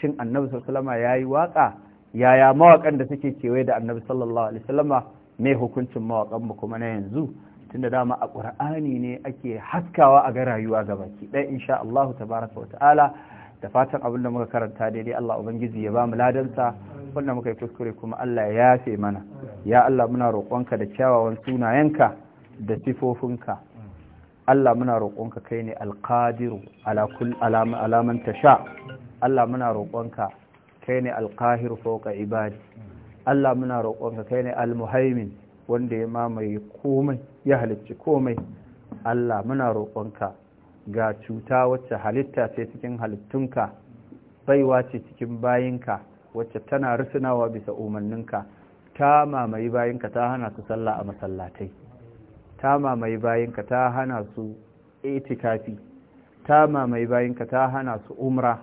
shin annabi ya yayi waƙa yaya mawaƙan da suke kewaye da annabi sallallahu alaihi me hukuncin mawaƙan mu kuma na yanzu tunda dama a ƙur'ani ne ake haskawa a ga rayuwa ga baki ɗaya insha Allah tabaraka wa ta'ala da fatan abin da muka karanta daidai Allah ubangiji ya ba mu ladansa wanda muka yi kuskure kuma Allah ya yafe mana ya Allah muna roƙonka da kyawawan sunayenka da sifofinka Allah muna roƙonka kai ne alƙadiru ala kull alaman tasha Allah muna roƙonka kai ne alƙahiru fawqa ibadi Allah muna roƙonka kai ne almuhaimin wanda ya mamaye komai ya halicci komai Allah muna roƙonka ga cuta wacce halitta ce cikin halittunka baiwa ce cikin bayinka wacce tana rusunawa bisa umarninka ta mamaye bayinka ta hana su sallah a masallatai ta mamaye bayinka ta hana su itikafi ta mamaye bayinka ta hana su umra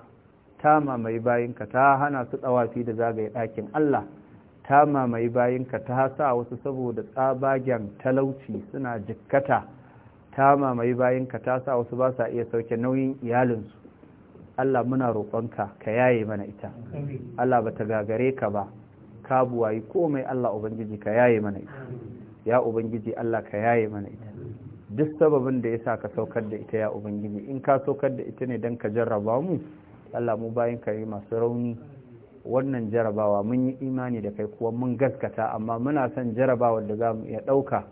ta mamaye bayinka ta hana su tsawafi da zagaye ɗakin Allah ta mamaye bayinka ta sa wasu saboda tsabagen talauci suna jikkata ta mamaye bayinka ta hasa wasu ba sa iya sauke nauyin iyalinsu Allah muna roƙonka ka yaye mana ita Allah ba ta gagare ka ba ka buwayi komai Allah Ubangiji ka yaye mana ita ya Ubangiji Allah ka yaye mana ita duk sababin da ya sa ka saukar da ita ya Ubangiji in ka saukar da ita ne don ka jarraba mu Allah mu bayan ka yi masu rauni wannan jarabawa mun yi imani da kai kuwa mun gaskata amma muna son jarabawar da za mu iya ɗauka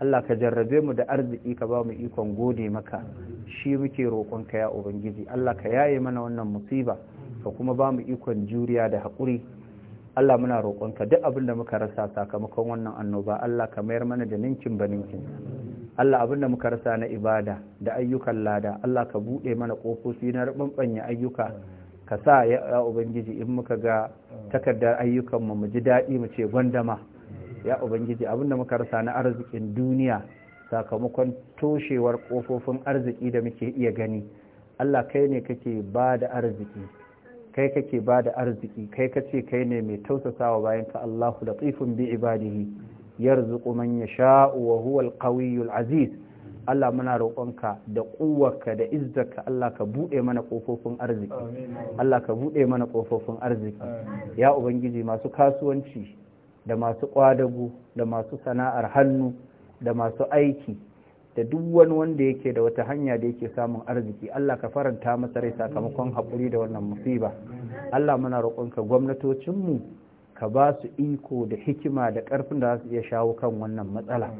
Allah ka jarrabe mu da arziki ka ba mu ikon gode maka shi muke roƙonka ya ubangiji Allah ka yaye mana wannan musiba ka kuma ba mu ikon juriya da haƙuri Allah muna roƙonka duk abin da muka rasa sakamakon wannan annoba Allah ka mayar mana da ninkin ba ninkin Allah abin da muka rasa na ibada da ayyukan lada Allah ka buɗe mana ƙofofi na ruɓanɓanya ayyuka ka sa ya ubangiji in muka ga takardar ayyukanmu mu ji daɗi mu ce gwandama ya ubangiji abinda muka rasa na arzikin duniya sakamakon toshewar ƙofofin arziki da muke iya gani Allah kai ne kake ba da arziki kai kake ba da arziki kai kace kai ne mai tausasawa bayan ka Allahu latifun bi ibadihi yarzuqu man yasha'u wa huwal qawiyyul aziz Allah muna roƙonka da ƙuwarka da izzarka Allah ka buɗe mana ƙofofin arziki Allah ka buɗe mana ƙofofin arziki ya ubangiji masu kasuwanci da masu ƙwadago da masu sana'ar hannu da masu aiki da duk wani wanda yake da wata hanya da yake samun arziki Allah ka faranta masa rai sakamakon haƙuri da wannan musiba Allah muna roƙonka gwamnatocinmu ka ba su iko da hikima da ƙarfin da za su iya shawo kan wannan matsala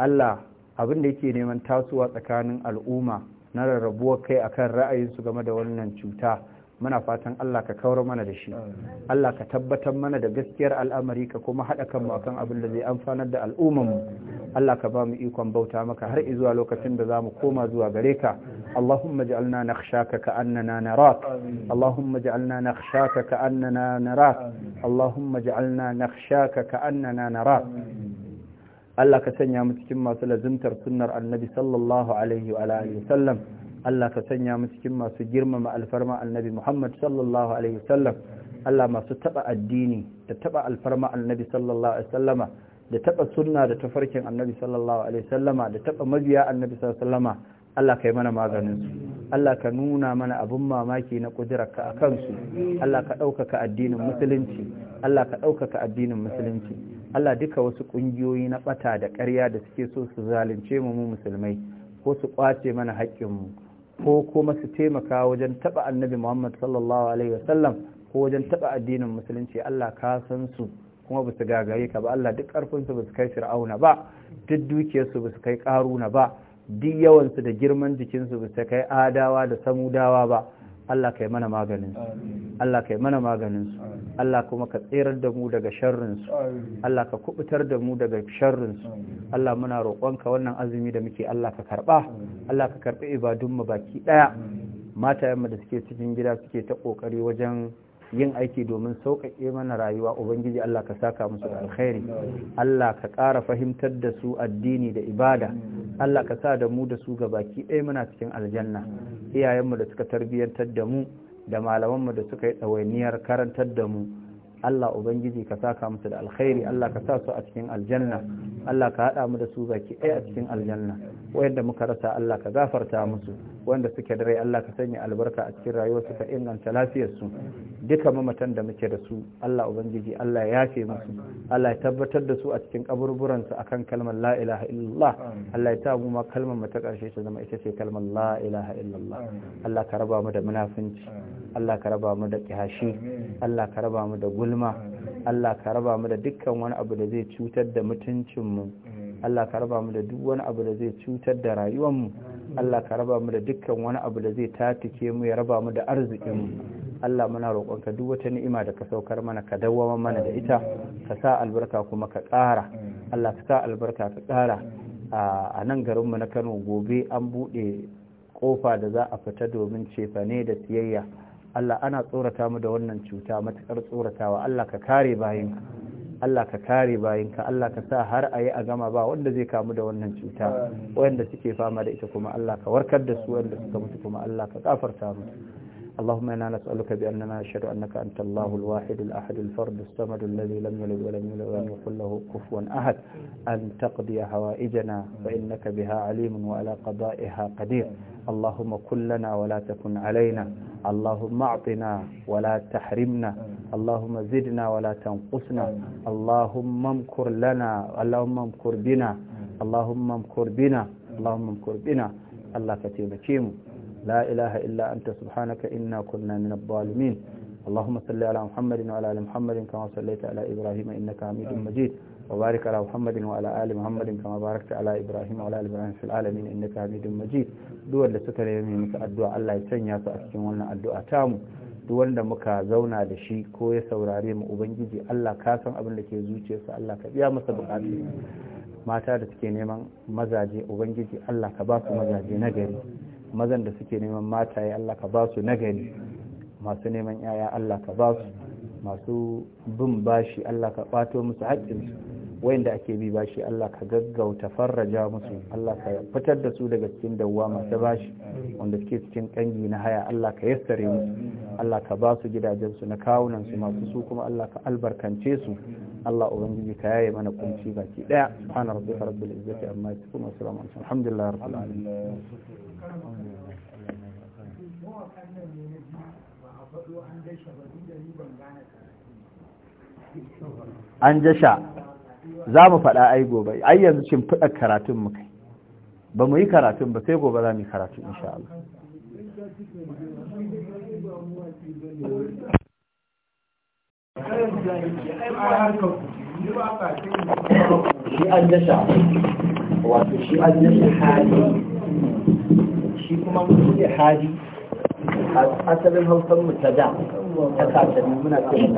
Allah abin da yake neman tasowa tsakanin al'umma na rarrabuwar kai akan ra'ayinsu game da wannan cuta muna fatan Allah ka kawar mana da shi Allah ka tabbatar mana da gaskiyar al'amari ka kuma haɗa kan akan abin da zai amfanar da mu Allah ka ba mu ikon bauta maka har zuwa lokacin da za mu koma zuwa gare ka ka annana narak Allahumma ja'alna nakhshaka ka annana narak Allahumma ja'alna nakhshaka ka annana narak Allah ka sanya mu cikin masu lazimtar sunnar annabi sallallahu alaihi wa alihi sallam Allah ka sanya mu cikin masu girmama alfarma annabi Muhammad sallallahu alaihi sallam Allah masu taba addini da taba alfarma annabi sallallahu alaihi da taba sunna da tafarkin annabi sallallahu alaihi da taba mabiya annabi sallallahu alaihi sallama Allah ka yi mana maganin su Allah ka nuna mana abin mamaki na ƙudurarka a kansu Allah ka ɗaukaka addinin musulunci Allah ka ɗaukaka addinin musulunci Allah duka wasu ƙungiyoyi na ɓata da ƙarya da suke so su zalunce mu mu musulmai ko su ƙwace mana mu, ko kuma su taimaka wajen taɓa annabi Muhammad sallallahu alaihi wasallam ko wajen taɓa addinin musulunci Allah ka san su kuma ba su gagare ka ba Allah duk ƙarfinsu ba su kai fir'auna ba duk dukiyarsu ba su kai ƙaruna ba duk yawansu da girman jikinsu ba su kai adawa da samudawa ba Allah ka kai mana maganinsu Allah ka yi mana maganin Allah kuma ka tsirar da mu daga sharrin su Allah ka kubutar da mu daga sharrinsu su Allah muna roƙonka wannan azumi da muke Allah ka karɓa. Allah ka karɓi ibadunmu baki ɗaya. Mata yamma da suke cikin gida suke ta ƙoƙari wajen yin aiki domin sauƙaƙe mana rayuwa ubangiji Allah ka saka musu da alkhairi Allah ka ƙara fahimtar da su addini da ibada Allah ka sa da mu da su ga baki ɗaya muna cikin aljanna iyayenmu da suka tarbiyyantar da mu da malamanmu da suka yi ɗawainiyar karantar da mu Allah Ubangiji ka saka musu da alkhairi Allah ka sa su a cikin aljanna Allah ka haɗa mu da su baki ɗaya a cikin aljanna wayanda muka rasa Allah ka gafarta musu wanda suke da rai Allah ka sanya albarka a cikin rayuwarsu ka inganta lafiyarsu duka mamatan da muke da su Allah Ubangiji Allah ya yafe musu Allah ya tabbatar da su a cikin kaburburan su akan kalmar la ilaha illallah Allah ya sa mu ma kalmar mu ta karshe ta zama ita ce kalmar la ilaha illallah Allah ka raba mu da munafunci Allah ka raba mu da kihashi Allah ka raba mu da gul gulma Allah ka raba mu da dukkan wani abu da zai cutar da mutuncinmu Allah ka raba mu da duk wani abu da zai cutar da rayuwarmu Allah ka raba mu da dukkan wani abu da zai tatike mu ya raba mu da arzikinmu Allah muna roƙonka duk wata ni'ima da ka saukar mana ka dawwama mana da ita ka sa albarka kuma ka ƙara Allah ka sa albarka ka ƙara a nan garinmu na Kano gobe an buɗe ƙofa da za a fita domin cefane da siyayya Allah ana tsorata mu da wannan cuta matuƙar tsoratawa Allah ka kare bayinka Allah ka kare bayinka Allah ka sa har a yi a gama ba wanda zai kamu da wannan cuta wanda suke fama da ita kuma Allah ka warkar da su wanda suka mutu kuma Allah ka kafarta mu اللهم انا نسالك باننا نشهد انك انت الله الواحد الاحد الفرد الصمد الذي لم يلد ولم يولد ولم يكن له كفوا احد ان تقضي حوائجنا فانك بها عليم وعلى قضائها قدير اللهم كن ولا تكن علينا اللهم أعطنا ولا تحرمنا اللهم زدنا ولا تنقصنا اللهم امكر لنا اللهم امكر بنا اللهم امكر بنا اللهم امكر بنا الله كتيمكيم لا إله إلا أنت سبحانك إنا كنا من الظالمين اللهم صل على محمد وعلى آل محمد كما صليت على إبراهيم إنك حميد مجيد وبارك على محمد وعلى آل محمد كما باركت على إبراهيم وعلى آل إبراهيم في العالمين إنك حميد مجيد دول da suka nemi muka addu'a Allah ya sanya su a cikin wannan addu'a tamu duk wanda muka zauna da shi ko ya saurare mu ubangiji Allah ka san abin da ke zuciyarsa Allah ka biya masa bukatu mata da suke neman mazaje ubangiji Allah ka ba su mazaje nagari mazan da suke neman mataye Allah ka basu su nagari masu neman yaya Allah ka ba masu bin bashi Allah ka kwato musu haƙƙinsu wayanda ake bi bashi Allah ka gaggauta farraja musu Allah ka fitar da su daga cikin dawwa masu bashi wanda suke cikin kangi na haya Allah ka yassare musu Allah ka ba su gidajen su na kawunan su masu su kuma Allah ka albarkance su Allah ubangiji ka yaye mana kunci baki daya subhana rabbika rabbil izzati amma yasifun wa alhamdulillah rabbil alamin an jasha za mu faɗa ai gobe ai yanzu cin fiɗa karatun mu kai ba mu yi karatun ba sai gobe za mu yi karatu insha Allah shi an dasa wato shi an dasa hali shi kuma mutum hali asalin hausar mu ta da ta kasance muna ce